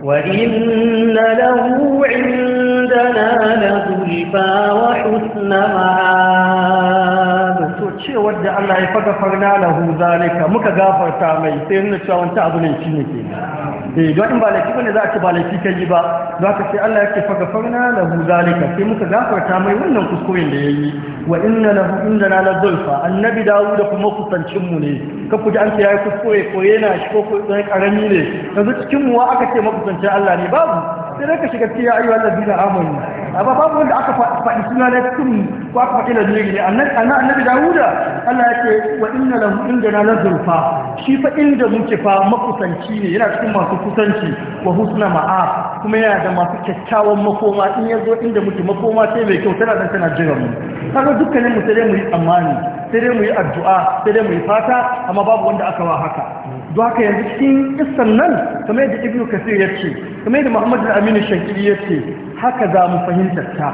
وإن له عندنا لزلفى وحسن معاد ce wadda Allah ya faga farna lahu zalika muka gafarta mai sai nuna cewa wani abu ne shi ne ke eh don in ba laifi bane za a ce ba laifi ka yi ba za ka ce Allah yake faga farna lahu zalika sai muka gafarta mai wannan kuskuren da yayi wa inna lahu indana la zulfa annabi dawud da kuma kusancin mu ne ka kuji an ce yayi kuskure ko yana shi ko ko dan karami ne yanzu cikin mu aka ce makusancin Allah ne babu sai dai ka shiga cikin ya ayyuhal ladina amanu amma babu wanda aka faɗi suna na cikin ko aka faɗi da duniya ne annabi dawuda Allah ya ce wa inna lahu indana la shi fa inda muke fa makusanci ne yana cikin masu kusanci wa husna ma'a kuma yana da masu kyakkyawan makoma in ya zo inda muke makoma sai mai kyau tana dan tana jira mu kaga dukkanin mu sai dai mu yi tsammani sai dai mu yi addu'a sai dai mu yi fata amma babu wanda aka wa haka don yanzu cikin isan nan kamar yadda ibnu kasir ya ce kamar yadda muhammadu aminu shankiri ya ce haka za mu fahimtar ta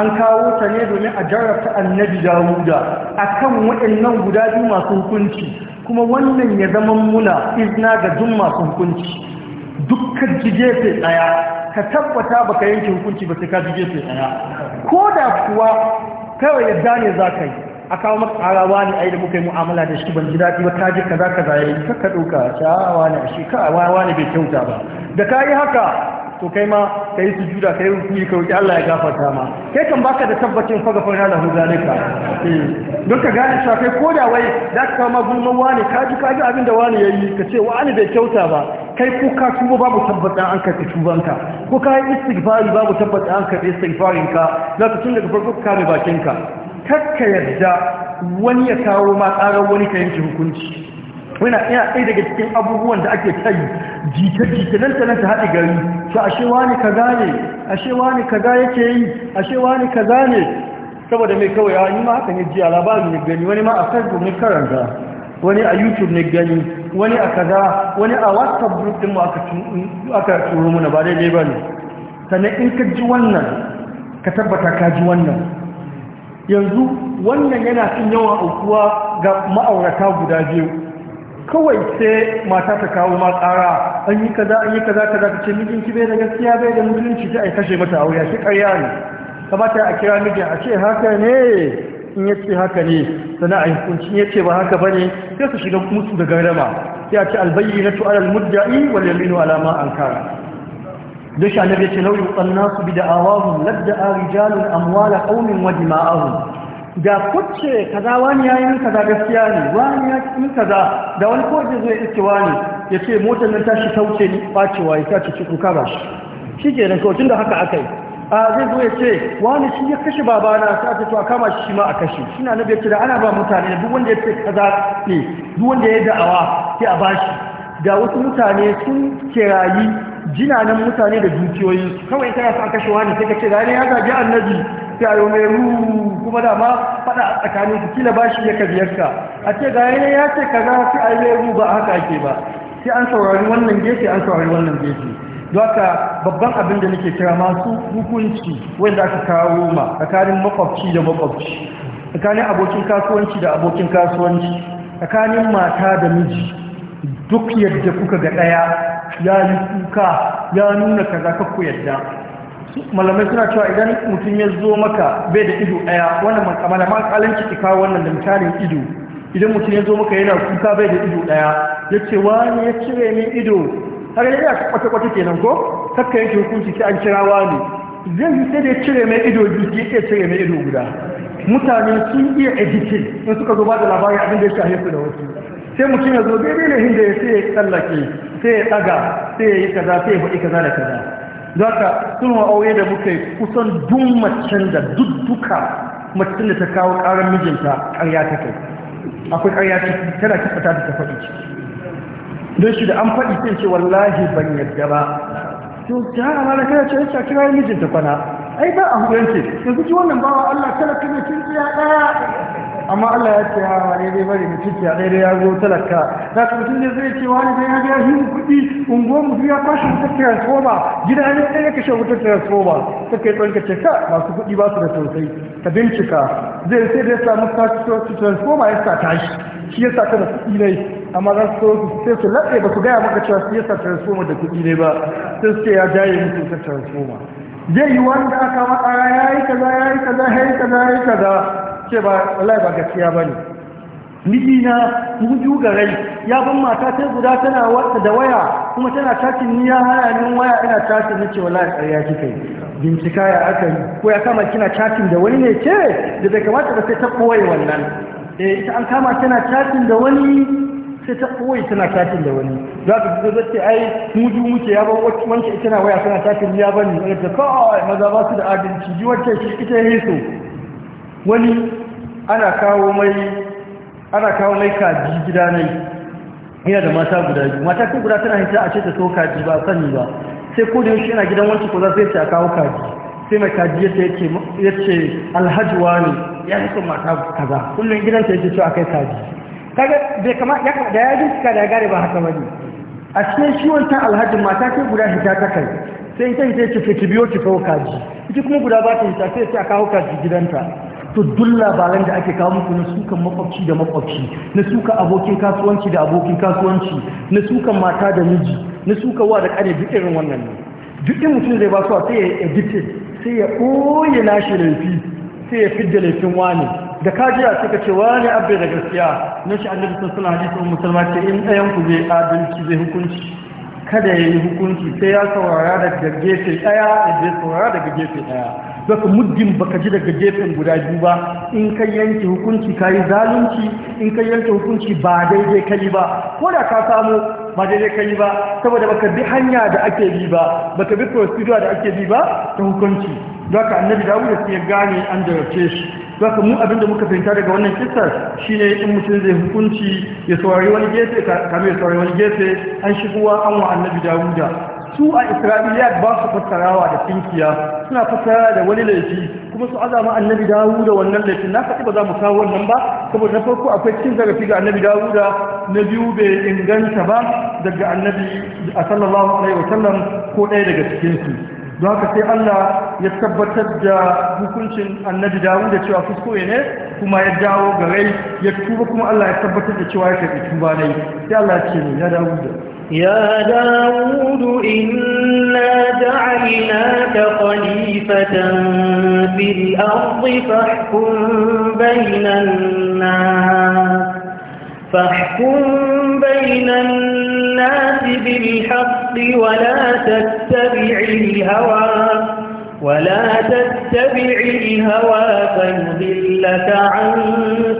an kawo ta ne domin a jarrabta annabi dawuda a kan waɗannan guda biyu masu hukunci kuma wannan ya zama muna izina ga duk masu hukunci dukkan gefe ɗaya ka tabbata baka yanke hukunci ba sai ka ji gefe ɗaya ko da kuwa kawai yadda ne za ka yi a kawo maka tsarawa ne yi da muka yi mu'amala da shi ban ji daɗi ba ka kaza kaza ya yi kakka ɗauka shawawa ne a shi kawawa ne bai kyauta ba da ka yi haka to kai ma ka yi sujuda ka yi rukuni ka roƙi Allah ya gafarta ma kai kan baka da tabbacin fagafar na da hu zalika eh, don ka gane cewa kai koda wai za ka kawo magulman wani kaji ji abin da wani ya yi ka ce wani bai kyauta ba kai ko ka tuba babu tabbata an karɓi tubanka ko ka yi istighfari babu tabbata an karɓi istighfarinka za ka tun daga farko ka kame bakinka kakka yadda wani ya kawo ma tsarar wani ka yanke hukunci wani ya ɗaya daga cikin abubuwan da ake kai jita-jita nan ta nan ta haɗe gari su ashe wani kaza ne ashe wani kaza yake yi ashe wani kaza ne saboda mai kawai ya ah, yi ma haka ne jiya labarin ne gani wani ma a facebook ne karanta wani a youtube ne gani wani a kaza wani a whatsapp group din mu aka turo muna ba daidai ba ne sannan in ka ji wannan ka tabbata ka ji wannan yanzu wannan yana cin yawan aukuwa ga ma'aurata guda biyu kawai sai mata ta kawo ma ƙara an yi kaza an yi kaza kaza ta ce ki bai da gaskiya bai da mutunci ta ai kashe mata aure shi ƙarya ne kamata a kira mijin a ce haka ne in ya ce haka ne sana a hukunci ya ce ba haka ba ne sai su shiga musu da gardama. sai a ce albayi na tu'alal muddai wal yaminu alama an da shi annabi ce lauyi tsannasu bi da'awahum ladda'a rijalun amwala qaumin wa dima'ahum da kucce kaza wani yayi kaza gaskiya ne wani ya min kaza da wani koje zai iske wani yace motar nan tashi tauce ni bacewa ya tace ci kuka ba shi shikenan kawai tunda haka akai a zai zo ya ce wani shi ya kashe babana sai ta to a kama shi ma a kashe shi na nabi ce da ana ba mutane duk wanda ya ce kaza ne duk wanda ya da'awa sai a bashi da wasu mutane sun kirayi jinanan mutane da dukiyoyinsu kawai tana son kashe wani sai ka ce ya zagi annabi yaro mai ru kuma da ma fada a tsakanin su kila bashi ya ka. a ce ga ne ya ce ka za su a yi ba haka ake ba sai an saurari wannan gefe an saurari wannan gefe doka babban abin da nake kira masu hukunci wanda aka kawo ma tsakanin makwabci da makwabci tsakanin abokin kasuwanci da abokin kasuwanci tsakanin mata da miji duk yadda kuka ga ɗaya ya yi kuka ya nuna kaza kakku yadda malamai suna cewa idan mutum ya zo maka bai da ido ɗaya wannan malaman kalanci ciki kawo wannan da mutanen ido idan mutum ya zo maka yana kuka bai da ido ɗaya ya ce wani ya cire min ido har kwata-kwata kenan ko kakka yake hukunci ki an kira wani zai yi sai da ya cire mai ido biyu ki ya cire mai ido guda mutane sun iya editing in suka zo ba da labarin abin da ya shahe su da wasu sai mutum ya zo daidai da inda ya sai ya tsallake sai ya ɗaga sai ya yi kaza sai ya faɗi kaza da kaza za ka wa aure da muka kusan duk macen da dudduka macen da ta kawo ƙarar mijinta ƙarya ta kai akwai ƙarya ta tana kisa ta ta faɗi ciki don shi da an faɗi sai ce wallahi ban yadda ba to ta hana da kai ce ta kira mijinta kwana ai ba a hukunci, yanzu ji wannan bawa Allah kala kuma kin tsaya ɗaya amma Allah ya ce ha ah, daidai bari mutum ya a daidai ya zo talaka za ka mutum ne zai ce wani zai ya biya shi kuɗi unguwar mu ya kwashe wutar transfoma, gida ne sai ya kashe wutar transformer ta kai tsanka ce ka masu kuɗi ba su da sosai ka bincika zai sai da ya samu sati transfoma ya sa tashi shi ya sa ka da kuɗi ne amma za su sai su laɓe ba su gaya maka cewa siyasa transformer da kuɗi ne ba sai su ce ya jaye musu ta transfoma. zai yi wanda aka matsara ya yi kaza ya yi kaza ya yi kaza ya yi kaza ce ba wallahi ba gaskiya bane miji na muju garai ya ban mata ta guda tana wata da waya kuma tana chatting niya ya haya ni waya ina chatting ce wallahi ƙarya kike bincika ya aka yi ko ya kama kina tashin da wani ne ce da bai kamata ba sai ta koyi wannan eh ita an kama tana tashin da wani sai ta koyi tana tashin da wani za ka ji zai ce ai mudu muke ya ban wancan ita na waya tana niya ya ne da kai maza ba su da adalci ji wancan shi ita ya so wani ana kawo mai ana kawo mai kaji gida ne yana da mata guda biyu mata ko guda tana hita a ce ta so kaji ba sani ba sai ko da yaushe yana gidan wancan ko za sai ta kawo kaji sai mai kaji yace ya ce alhaji ne ya hito mata kaza kullun gidan ta yace cewa kai kaji kaga bai kama ya kama da ya suka da ya gare ba haka bane a cikin shi wancan alhaji mata ko guda hita ta kai sai ita ita ce ki biyo ki kawo kaji ita kuma guda ba ta hita sai ta kawo kaji gidanta to duk labaran da ake kawo muku na sukan makwabci da makwabci na sukan abokin kasuwanci da abokin kasuwanci na sukan mata da miji na sukan wa da kare duk irin wannan ne duk in mutum zai ba su sai ya edited sai ya ɓoye nashi laifi sai ya fidda laifin wani da kajiya suka ce wani abu da gaskiya na shi annabi sallallahu suna wasallam musulma ce in ɗayan ku zai adalci zai hukunci kada ya yi hukunci sai ya saurara daga gefe ɗaya ya saurara daga gefe ɗaya zaka muddin baka ji daga gefen guda biyu ba in ka yanke hukunci ka yi zalunci in ka yanke hukunci ba daidai ka ba ko da ka samu ba daidai ka ba saboda baka bi hanya da ake bi ba baka bi procedure da ake bi ba ta hukunci zaka annabi dawuda sai ya gane an jarabce shi zaka mu abin da muka fahimta daga wannan kissa shine in mutum zai hukunci ya saurari wani gefe kamar ya saurari wani gefe an shigowa an wa annabi dawuda su a isra'iliyat ba su fassarawa da tinkiya suna fassara da wani laifi kuma su azama annabi dawuda wannan laifin na faɗi ba za mu kawo wannan ba saboda na farko akwai cin zarafi ga annabi dawuda na biyu bai inganta ba daga annabi a sallallahu alaihi wa sallam ko ɗaya daga cikinsu don haka sai Allah ya tabbatar da hukuncin annabi dawuda da cewa kuskure ne kuma ya dawo ga rai ya tuba kuma Allah ya tabbatar da cewa ya karɓi tuba ne sai Allah ya ce ne ya dawo يا داود إنا جعلناك خليفة في الأرض فاحكم بين الناس فاحكم بين الناس بالحق ولا تتبع الهوى ولا تتبع الهوى فيضلك عن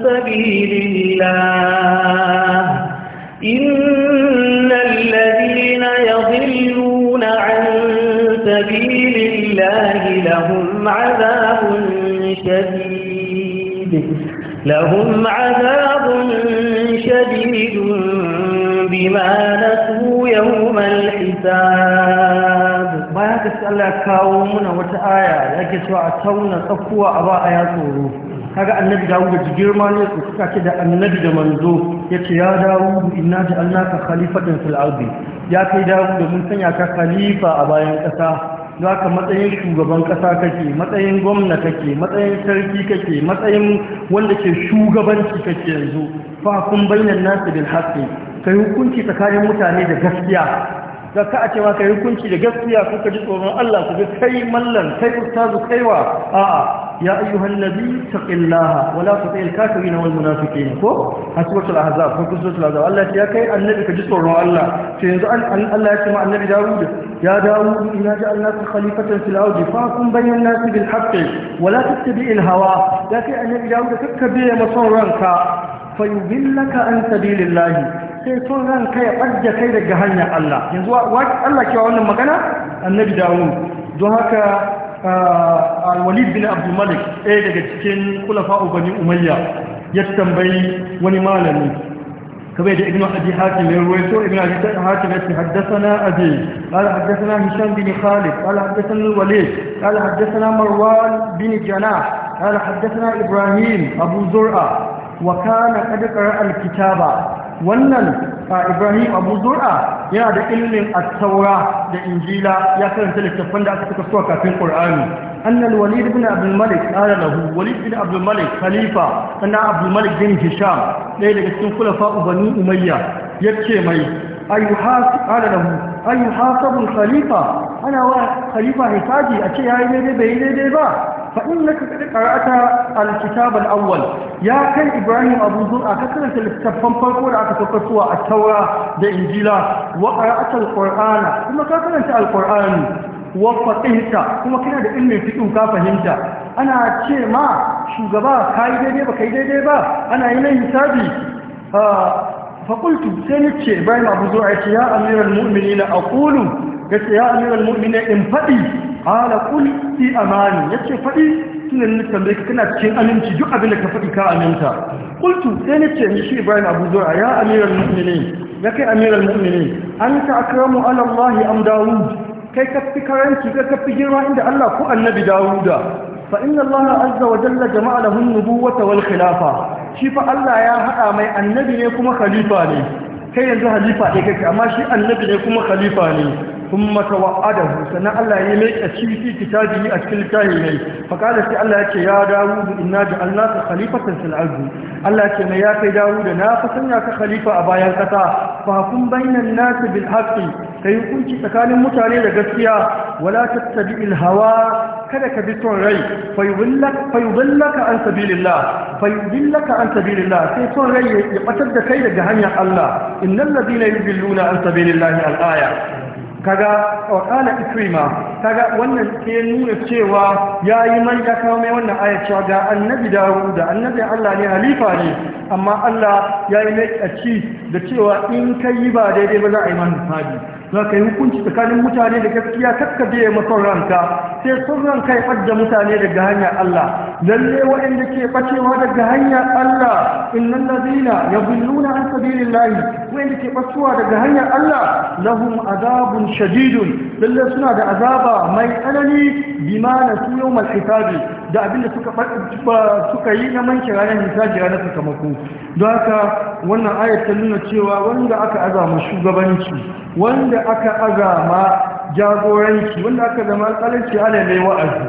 سبيل الله إن عذاب شديد لهم عذاب شديد بما نسوا يوم الحساب ما يسأل كاومنا وتعايا لك سوى عطونا صفوة أبا آيات وروف هذا النبي داود جير مانيك وكاكد النبي منذو يتي داود إنا جعلناك خليفة في الأرض يا كي داود من سنعك خليفة أبا ينكسا za ka matsayin shugaban ƙasa kake matsayin gwamna kake matsayin sarki kake matsayin wanda ke shugabanci kake yanzu fa kun bayyana nasu bil haqqi kai hukunci tsakanin mutane da gaskiya da ka a ce maka hukunci da gaskiya ko ka ji tsoron Allah ku ga kai mallan kai ustazu kaiwa a'a ya ayyuhan nabi taqillaha wa la tuqil kafirin wal munafiqin ko hasbatul ahzab ko kusatul ahzab Allah ya kai annabi ka ji tsoron Allah to yanzu Allah ya ce ma annabi Dawud ya Dawud inna ja'alnaka khalifatan fil ardi fahkum bainan nas bil haqqi wa la tattabi'il hawa ya kai annabi Dawud kakkabe mason ranka fayubillaka an sabilillahi sai sun ranka ya ɓadda kai daga hanyar Allah yanzu Allah kewa wannan magana annabi dawud don haka alwalid bin abdulmalik ɗaya daga cikin kulafa ubani umayya ya tambayi wani malami كما يدى ابن أبي حاتم يرويته ابن أبي حاتم يسمي حدثنا أبي قال حدثنا هشام بن خالد قال حدثنا الوليد قال حدثنا مروان بن جناح قال حدثنا إبراهيم أبو زرعة وكان قد al-kitaba. wannan ibrahim abu zura yana da ilmin attaura da injila ya karanta littattafan da aka suka suwa kafin ƙur'ani annal walid ibn Abdulmalik malik lahu walid ibn abdul khalifa sannan abdul bin hisham ɗaya daga cikin kulafa ubani umayya ce mai ayyuhasu ƙara mu ayyuhasu khalifa ana wa khalifa hisabi a ce ya yi daidai bai yi daidai ba fa'in na kaɗi ƙara'ata alkitabar awwal ya kai ibrahim abu zura ka karanta littattafan farko da aka saukarsuwa a taura da injila wa ƙara'atar ƙor'ana kuma ka karanta alƙor'ani wa faɗinta kuma kana da ilmin fiƙin ka fahimta ana ce ma shugaba ka yi daidai ba ka yi daidai ba ana yi na hisabi fakultu sai ni ce bayan abu zuwa ya ce ya amiral mu'mini na akulu ya ce ya amiral mu'mini in faɗi ala kul fi amani ya ce faɗi tun da tambaye ka kana cikin aminci duk abin da ka faɗi ka aminta kultu sai ni ce ni shi bayan abu zuwa ya amiral mu'mini ya kai amiral mu'mini an ta akramu ala allahi am dawud kai ka fi karanci kai ka fi girma inda allah ko annabi dawuda fa inna allaha azza wa jalla jama'a lahu nubuwata wal khilafa shi fa Allah ya haɗa mai annabi ne kuma khalifa ne kai yanzu halifa ne kake amma shi annabi ne kuma khalifa ne sun mata wa adam Allah ya mai ƙashi fi fita ji a cikin littafi ne fakada sai Allah ya ce ya dawo da inna da Allah ka khalifatan fil Allah ya ce mai ya kai dawo da na fasanya ka khalifa a bayan kasa fa hukum bainan nas bil haqqi kai hukunci tsakanin mutane da gaskiya wala tattabi'il hawa kada ka bi ton rai fa yudillaka an sabilillah fa yudillaka an sabilillah sai ton rai ya batar da kai daga hanyar Allah innal ladina yudilluna an sabilillah al-aya kaga wa kana ikrima kaga wannan ke nuna cewa yayi man da kawo mai wannan ayat cewa ga annabi Dawud da annabi Allah ne halifa ne amma Allah yayi a ci da cewa in kai ba daidai ba za a yi man za ka yi hukunci tsakanin mutane da gaskiya kakka biye mason ranka sai sun ranka ya ɓadda mutane daga hanyar Allah lalle waɗanda ke ɓacewa daga hanyar Allah innan lazina ya bulluna an sabilin layi waɗanda ke ɓacewa daga hanyar Allah lahum azabun shadidun lalle suna da azaba mai tsanani bima na su yau mai da abin da suka yi na manke ranar jira ranar sakamako don haka wannan ayat ta nuna cewa wanda aka azama shugabanci wanda aka azama jagoranci wanda aka zama alƙalanci ana mai wa'azi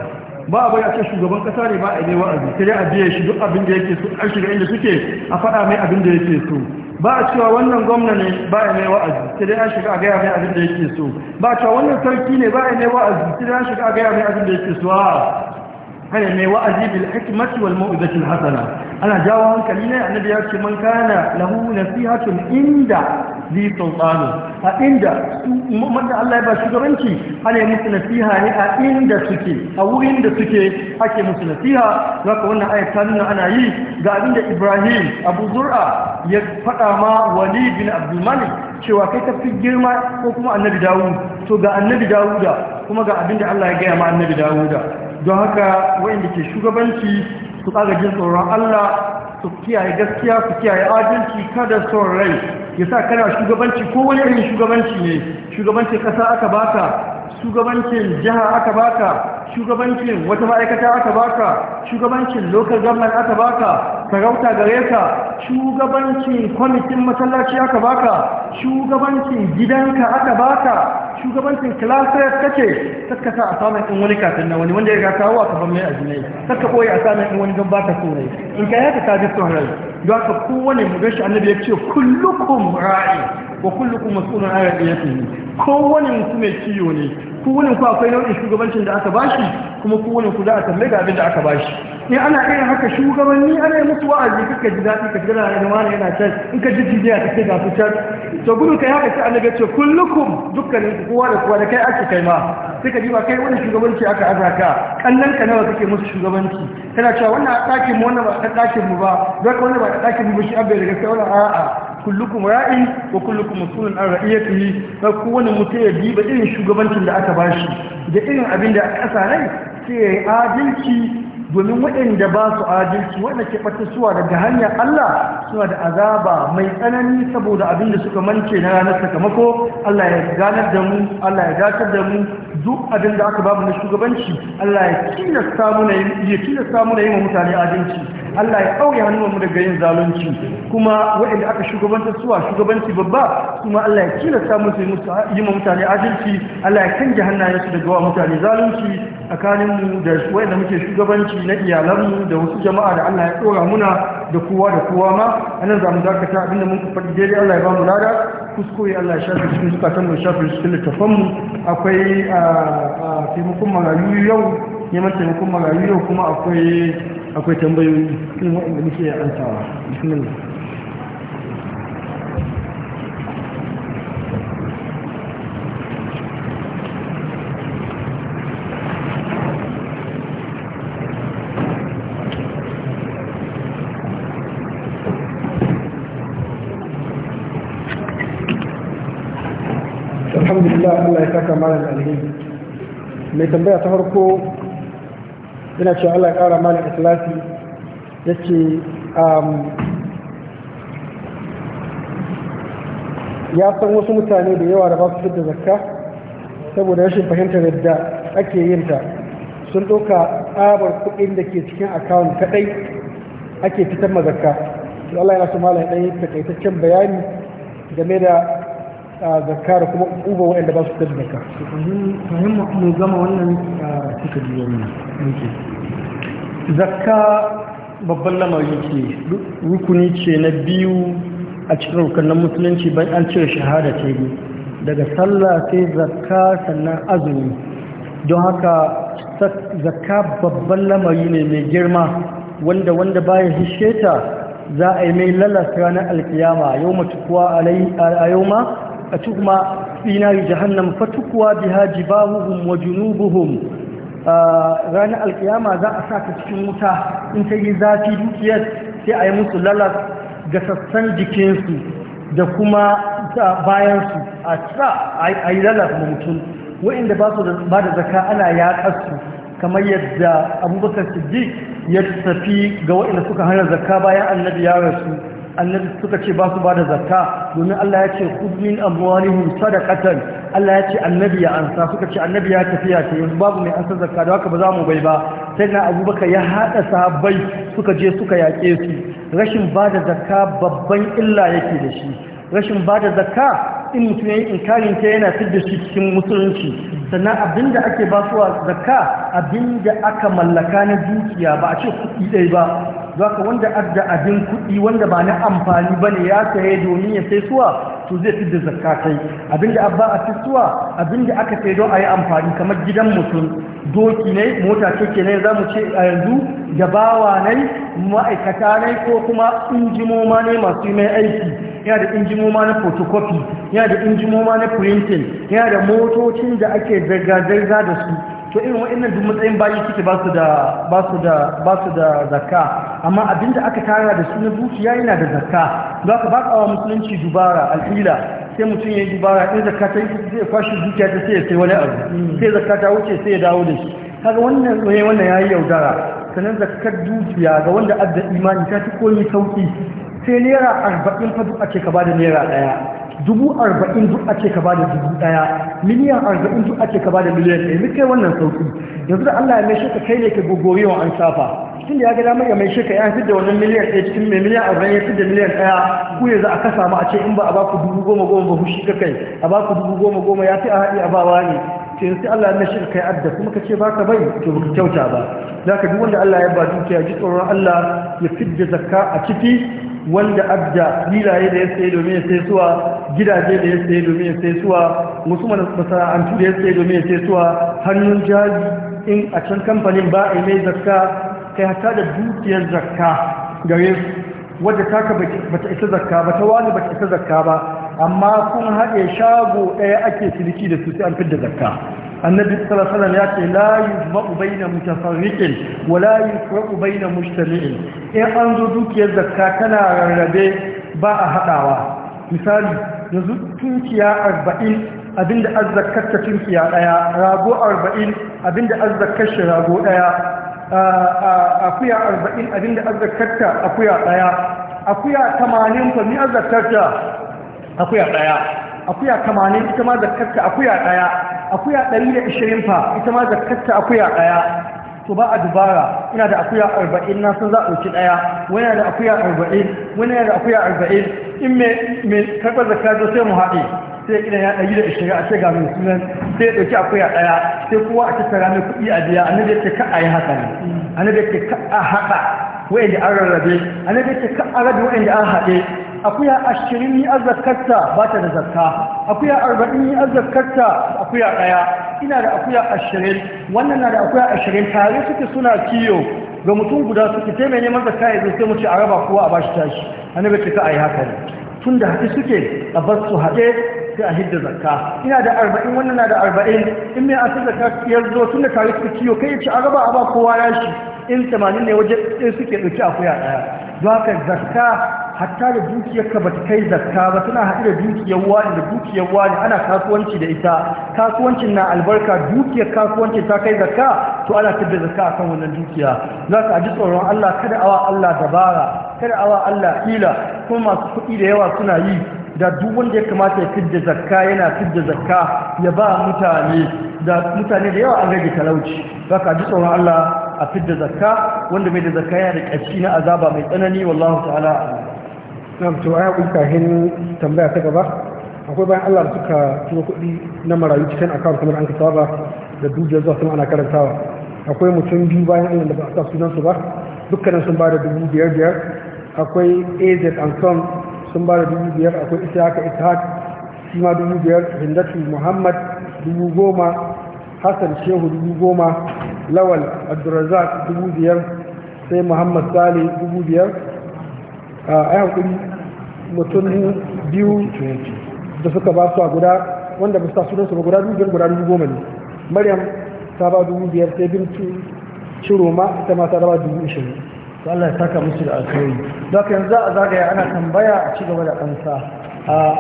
ba a bai a ce shugaban ƙasa ne ba a mai wa'azi sai a biya shi duk abin da yake so an shiga inda suke a faɗa mai abin da yake so ba a cewa wannan gwamna ne ba a mai wa'azi sai dai a shiga a gaya mai abin da yake so ba a cewa wannan sarki ne ba a mai wa'azi sai dai a shiga a gaya mai abin da yake so kada mai wa'azi bil hikmati wal mau'izati hasana ana jawo hankali ne annabi ya ce man kana lahu nasihatun inda zi sultanu a inda wanda Allah ya ba shugabanci ana musu nasiha ne a inda suke a wurin da suke ake musu nasiha ka wannan ayat ta nuna ana yi ga abin da Ibrahim Abu Zur'a ya faɗa ma Walid bin Abdul cewa kai ka fi girma ko kuma annabi Dawud to ga annabi Dawuda kuma ga abin da Allah ya gaya ma annabi Dawuda don haka wa'inda ke shugabanci su ƙara tsoron Allah su kiyaye gaskiya su kiyaye adalci kada son rai ya sa kana shugabanci ko wani irin shugabanci ne shugabancin ƙasa aka baka shugabancin jiha aka baka shugabancin wata ma'aikata aka baka shugabancin local government aka baka sarauta gare ka shugabancin kwamitin masallaci aka baka shugabancin gidanka aka baka shugabancin classroom kake saka sa a samun in wani kafin na wani wanda ya ga kawo a kafan mai ajinai saka koyi a samun in wani don ba so rai in kai haka ta ji son rai don haka kowane mu gashi annabi ya ce kullukum ra'i wa kullukum mas'ulun an ra'iyatihi kowane mutum mai ciwo ne kowane ku akwai nau'in shugabancin da aka bashi kuma kowane ku za a tambaye ga abin da aka bashi in ana irin haka shugabanni ana yi musu wa'azi kaka ji daɗi ka gana da wani yana can in ka ji jijiya ka ce ga su can to gudu kai haka ce annabi ce kullukum dukkanin ku kowa da kowa da kai ake kai ma sai ka ji ba kai wani shugabanci aka azaka kallon ka nawa kake musu shugabanci kana cewa wannan a ɗakin mu wannan ba a ɗakin mu ba don wannan ba a ɗakin mu ba shi abin da gaskiya wannan a'a kullukum Ra'in wa kullukum mas'ulun an ra'iyatihi na kowane mutum ya diba irin shugabancin da aka bashi da irin abin da sa rai sai ya yi adalci domin waɗanda ba su adalci waɗanda ke suwa daga hanya, Allah suna da azaba mai tsanani saboda abin da suka mance na ranar sakamako Allah ya ganar da mu Allah ya gatar da mu duk abin da aka babu na shugabanci Allah ya tilasta mu na yi mutane adalci Allah ya kauye hannunmu daga yin zalunci kuma waɗanda aka shugabanta suwa shugabanci babba kuma Allah ya tilasta musu yi ma mutane adalci Allah ya canja su daga wa mutane zalunci tsakaninmu da waɗanda muke shugabanci na iyalanmu da wasu jama'a da Allah ya ɗora muna da kowa da kowa ma anan za mu dakata abinda mun faɗi daidai Allah ya ba mu lada kuskure Allah ya shafe cikin zukatan mu shafe cikin littafan mu akwai ah, ah, taimakon marayu yau neman taimakon marayu yau kuma akwai akwai tambayoyi irin waɗanda muke ansawa bismillah alhamdulillah Allah ya saka malam alheri mai tambaya ta farko yana cewa Allah ya ƙara mana ikhlasi ya ce um, ya san wasu mutane da yawa da ba su da zakka saboda rashin fahimtar yadda ake yin ta sun ɗauka tsabar kuɗin da ke cikin akawun kaɗai ake fitar ma zakka to Allah yana su malam ɗaya takaitaccen bayani game da zakka da kuma uba wa'anda ba su da zakka fahim mu gama wannan cikin biyo ne zakka babban lamari ce rukuni ce na biyu a cikin rukunan musulunci ban an cire shahada ce daga sallah sai zakka sannan azumi don haka zakka babban lamari ne mai girma wanda wanda baya hishe ta za a yi mai lalata ranar alkiyama a yau matukuwa a yau ma فتغمى في نار جهنم فتقوى بها جباههم وجنوبهم ranar alƙiyama za a saka cikin wuta in ta yi zafi dukiyar sai a yi musu lalas ga sassan jikinsu da kuma bayansu a tsa a yi lalas ma mutum wa'inda ba su ba da zaka ana yaƙarsu kamar yadda abubakar siddiq ya tafi ga wa'inda suka hana zaka bayan annabi ya rasu annabi suka ce ba su ba da zakka domin Allah ya ce khudh min amwalihim sadaqatan Allah ya ce annabi ya ansa suka ce annabi ya tafiya ce yanzu babu mai ansa zakka da haka ba za mu bai ba sai na abubakar ya hada sahabbai suka je suka yaƙe su rashin ba da zakka babban illa yake da shi rashin ba da zakka in mutum ya yi inkarin ta yana fidda shi cikin musulunci sannan abinda ake basuwa zakka abinda aka mallaka na dukiya ba a ce kuɗi ɗai ba zaka wanda adda abin kuɗi wanda ba na amfani bane ya saye domin ya sai suwa to zai fi da zakatai abinda abba a fisuwa abinda aka sai don a yi amfani kamar gidan mutum doki ne mota ce ke za mu ce a yanzu da bawa ne ma'aikata ne ko kuma injimoma ne masu mai aiki yana da injimoma na photocopy yana da injimoma na printing yana da motocin da ake zirga-zirga da su to irin wa'annan duk matsayin bayi suke ba su da ba amma abin da amma abinda aka tara da su na dukiya yana da zakka za ka baka wa musulunci dubara al'ila sai mutum ya yi dubara in zakka ta yi zai kwashe dukiya ta sai ya sai wani abu sai zakka ta wuce sai ya dawo da shi kaga wannan tsaye eh, wannan ya yi yaudara sannan zakkar dukiya ga wanda adda imani ta fi koyi sauki sai naira arba'in fa duk ake ka da naira ɗaya dubu arba'in duk ake ka bada dubu daya miliyan arba'in duk ake ka bada miliyan ɗaya muke wannan sauki yanzu da Allah ya mai shaka kai ne ka gogori wa an safa cikin da ya ga damar ya mai shaka ya fi da wannan miliyan ɗaya cikin mai miliyan arba'in ya fi da miliyan ɗaya ku yanzu a kasa mu a ce in ba a baku dubu goma goma ba fushi ka kai a baku dubu goma goma ya fi a haɗi a bawa ne to yanzu Allah ya mai shaka kai adda kuma ka ce ba ka bai to ka kyauta ba zaka duk wanda Allah ya ba dukiya ji tsoron Allah ya fidda zakka a ciki wanda abda filaye da ya sai domin ya sai suwa gidaje da ya sai domin ya sai suwa musamman masana'antu da ya sai domin ya sai suwa hannun jari in a can kamfanin ba a mai zakka kai hata da dukiyar zakka gare su wadda taka bata isa zakka ba ta wani bata isa zakka ba amma kun haɗe shago ɗaya ake siliki da su sai an fidda zakka annabi sallallahu alaihi ya ce la yujma'u baina mutafarriqin wa la yufraqu baina mujtami'in in an zo dukiyar zakka tana rarrabe ba a hadawa misali yanzu tunkiya 40 abinda azzakar ta tunkiya daya rago 40 abinda azzakar shi rago daya akuya 40 abinda azzakar ta akuya daya akuya 80 fa ni azzakar ta akuya daya akuya kamanin ita ma zakarta akuya ɗaya akuya ɗari da ishirin fa ita ma zakarta akuya ɗaya to ba a dubara ina da akuya arba'in na sun za a ɗauki ɗaya wani da akuya 40 wani da akuya arba'in in me karɓar zakar sai mu haɗe sai idan ya ɗari da ishirin a shiga mai sunan sai ya ɗauki akuya ɗaya sai kowa a tattara mai kuɗi a biya annabi yake ka a yi haka ne annabi yake ka a haɗa wa'anda an rarrabe annabi yake ka a rabe da an haɗe akuya ashirin yi azzakarta ba ta da zakka akuya arba'in yi azzakarta akuya ɗaya ina da akuya ashirin wannan na da akuya ashirin tare suke suna kiyo ga mutum guda suke sai mai neman zarka ya zai sai mace a raba kowa a bashi tashi annabi ce ka yi haka ne tun da haɗe suke a bar su haɗe sai a hidda zakka ina da arba'in wannan na da arba'in in mai asir zarka ya zo tun da tare suke kiyo kai ya ci a raba a ba kowa ya shi in tamanin ne waje in suke ɗauki akuya ɗaya don haka zakka hatta da dukiyarka ba ta kai zakka ba tana haɗu da dukiyar wani da dukiyar wani ana kasuwanci da ita kasuwancin na albarka dukiya kasuwanci ta kai zakka to ana fidda zakka akan wannan dukiya za ka ji tsoron Allah kada awa Allah dabara kada awa Allah ila kuma masu kuɗi da yawa suna yi da duk wanda ya kamata ya fidda zakka yana fidda zakka ya ba mutane da mutane da yawa an rage talauci za ka ji tsoron Allah a fidda zakka wanda mai da zakka yana da ƙarshe na azaba mai tsanani wallahu ta'ala na to ai kun kahin tambaya ta gaba akwai bayan Allah da suka tuno kuɗi na marayu cikin akawun kamar an ka saba da dubiyar zuwa sun ana karantawa akwai mutum biyu bayan Allah da ba a sa sunansu ba dukkanin sun ba da dubu biyar biyar akwai az and son sun ba da dubu biyar akwai ishaq ishaq shi ma dubu biyar hindatu muhammad dubu goma hassan shehu dubu goma lawal abdulrazak dubu biyar sai muhammad sale dubu biyar a yankuri mutum biyu da suka ba su a guda wanda ba su sunansu ba guda dubu biyar guda dubu goma ne maryam ta ba dubu biyar sai bintu ciroma ita ma ta raba dubu ishirin to Allah ya saka musu da alkhairi da kan za a zagaya ana tambaya a ci gaba da kansa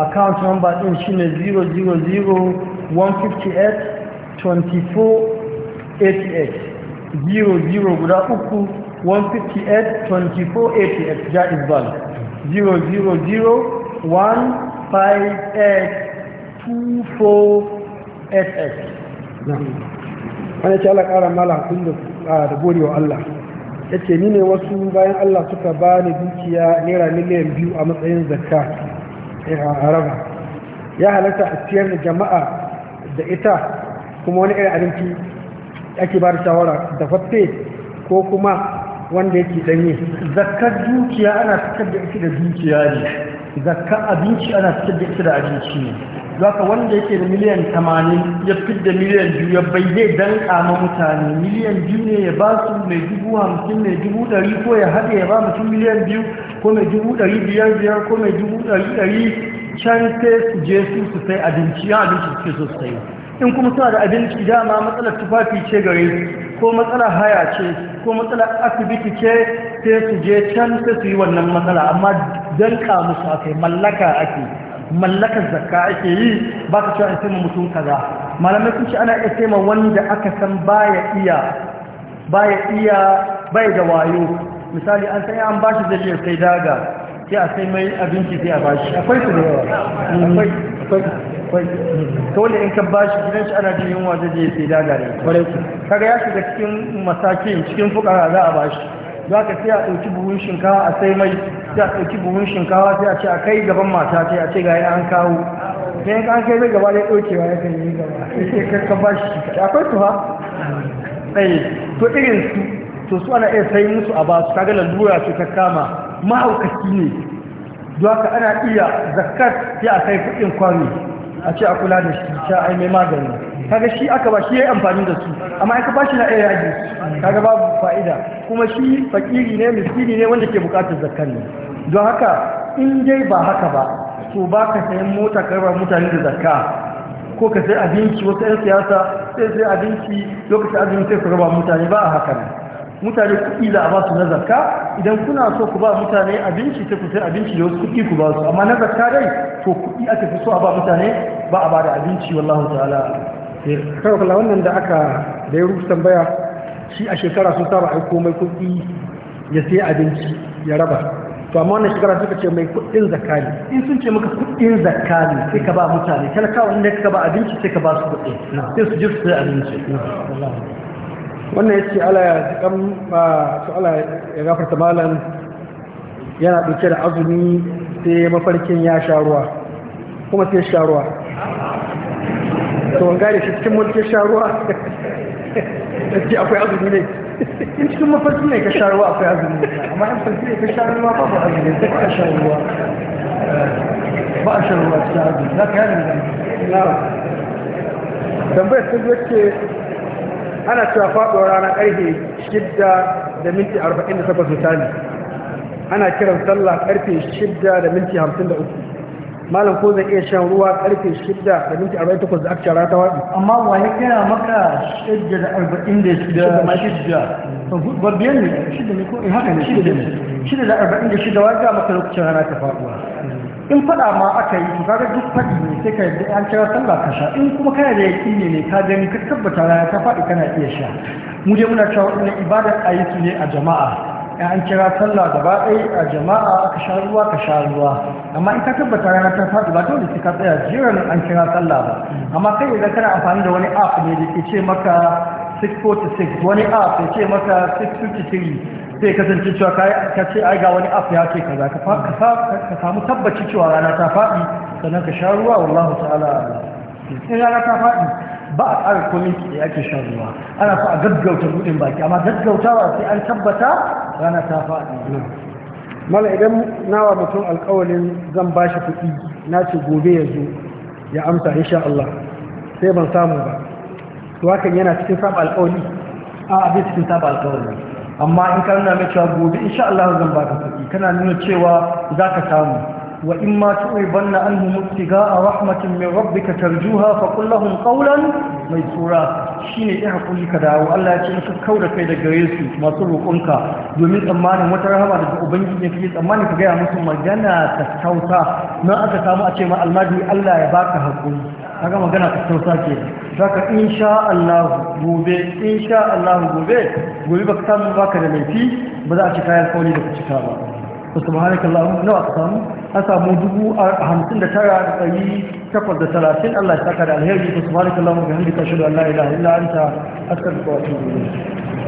account number din shine 000 zero zero guda uku 158 wani ce ala ƙara mala hakun da wa Allah ya ce ni wasu bayan Allah suka ba ni dukiya naira miliyan biyu a matsayin zakka eh, a araba ya halatta a ciyar da jama'a da ita kuma wani irin abinci ake ba da shawara da fatte ko kuma wanda yake danye zakkar dukiya ana fitar da ita da dukiya ne Zakka abinci ana fitar da ita da abinci ne zaka wanda yake da miliyan 80 ya fitar da miliyan biyu ya bai dan kama mutane miliyan biyu ne ya ba su mai dubu hamsin mai dubu ɗari ko ya hade ya ba mutum miliyan biyu ko mai dubu ɗari biyar biyar ko mai dubu ɗari ɗari can sai su je su su sai abinci ya abinci suke so su in kuma suna da abinci dama matsalar tufafi ce gare ko matsalar haya ce ko matsalar asibiti ce sai su je can sai su yi wannan matsala amma kamu su akai mallaka ake mallakar zakka ake yi ba ta cewa isai ma mutum kaza malamai sun ce ana iya sai wanda aka san baya iya baya iya bai da wayo misali an sai an bashi zai iya sai daga sai a sai mai abinci sai a bashi akwai su da yawa akwai akwai dole in ka bashi gidan shi ana jin yunwa zai je sai da ne kwarai kaga ya shiga cikin masakin cikin fukara za a bashi za ka sai a ɗauki buhun shinkawa a sai mai sai a ɗauki buhun shinkawa sai a ce a kai gaban mata sai a ce ga an kawo sai an kai zai gaba da ɗaukewa ya kan yi gaba sai ka bashi akwai su ha tsaye eh, to irin su to su ana iya sai musu a ba basu kaga lalura ce ta kama mahaukaci ne don haka ana iya zakat sai a kai kuɗin kwami a ce a kula da shi sha ai mai magani kaga shi aka ba shi ya yi amfani da su amma aka ba shi na iya yaji kaga babu fa'ida kuma shi fakiri ne miskini ne wanda ke bukatar zakkan ne don haka in dai ba haka ba to ba ka sayan mota raba mutane da zakka ko ka sai abinci wasu 'yan siyasa sai sai abinci lokacin azumi sai su raba mutane ba a haka ne mutane kuɗi za a ba su na zakka idan kuna so ku ba mutane abinci ta kusa abinci da wasu kuɗi ku ba su amma na zakka dai to kuɗi aka fi so a ba mutane ba a ba da abinci wallahu ta'ala eh, kawai kula wannan da aka da ya rufu tambaya shi a shekara sun saba aiko mai kuɗi ya sai abinci ya raba to amma wannan shekara suka ce mai kuɗin zakka ne in sun ce maka kuɗin zakka ne sai ka ba mutane talakawa inda ka ba abinci sai ka ba su kuɗi sai su je su sai abinci wannan ya ce ala ya jikan su ala ya gafarta malam yana ɗauke da azumi sai mafarkin ya sha ruwa kuma sai sha ruwa to an gane shi cikin mulkin sha ruwa ce akwai azumi ne in cikin mafarki ne ka sha ruwa akwai azumi amma yan farki ne ka sha ruwa babu azumi ba a sha ruwa ba a sha ruwa cikin azumi za ka yana da tambayar ta zuwa ce ana cewa faɗuwar rana ƙarfe shidda da minti arba'in da takwas misali ana kiran sallah ƙarfe shidda da minti hamsin da uku malam ko zai iya shan ruwa ƙarfe shidda da minti arba'in takwas da aka shara ta waɗi amma waye ya kira maka shidda da arba'in da shidda shidda ba biyan ne shidda ne ko in eh, haka ne shidda ne shida da arba'in da shida wani ga maka lokacin rana ta faruwa. in faɗa ma aka yi to kaga duk faɗi ne sai ka yadda an kira sallah ka sha in kuma kana da yaƙini ne ka gani ka tabbata rana ta faɗi kana iya sha mu dai muna cewa wannan ibadar a yi su ne a jama'a an kira sallah gaba ɗaya a jama'a aka sha ruwa ka sha ruwa amma in ka tabbata rana ta faɗi ba dole sai ka tsaya jiran an kira sallah ba amma kai idan kana amfani da wani app ne da ke ce maka 646 wani app ya ce maka 623. sai kasance cewa ka ce ai ga wani af ya ce kaza ka samu tabbaci cewa rana ta faɗi sannan ka sha ruwa wallahu ta'ala in rana ta faɗi ba a ƙara komi da yake sha ruwa ana so a gaggauta buɗin baki amma gaggautawa sai an tabbata rana ta faɗi mala idan nawa mutum alƙawalin zan ba shi kuɗi na ce gobe ya zo ya amsa insha Allah sai ban samu ba to hakan yana cikin saba alƙawali a abin cikin saba alƙawali amma in ka nuna mai cewa gobe insha Allah zan baka kuɗi kana nuna cewa za ka samu wa in ma banna anhu mubtiga a rahmatin min rabbika tarjuha fa qul lahum qawlan maysura shine ya hakuri ka dawo Allah ya ce in ka kauda kai da gare su masu roƙonka domin tsammanin wata rahama daga ubangiji ne kake tsammanin ka ga musu magana ta tauta na aka samu a ce ma almajiri Allah ya baka hakuri kaga magana ta tausa ke saka insha Allah gobe insha Allah gobe gobe baka samu baka da laifi ba za a ci kayan kauli da cika ba to subhanaka Allahu nawa ka samu a samu dubu hamsin da tara da ɗari takwas da talatin Allah ya saka da alheri to subhanaka Allahu bihamdika ashhadu an la ilaha illa anta astaghfiruka wa atubu ilayk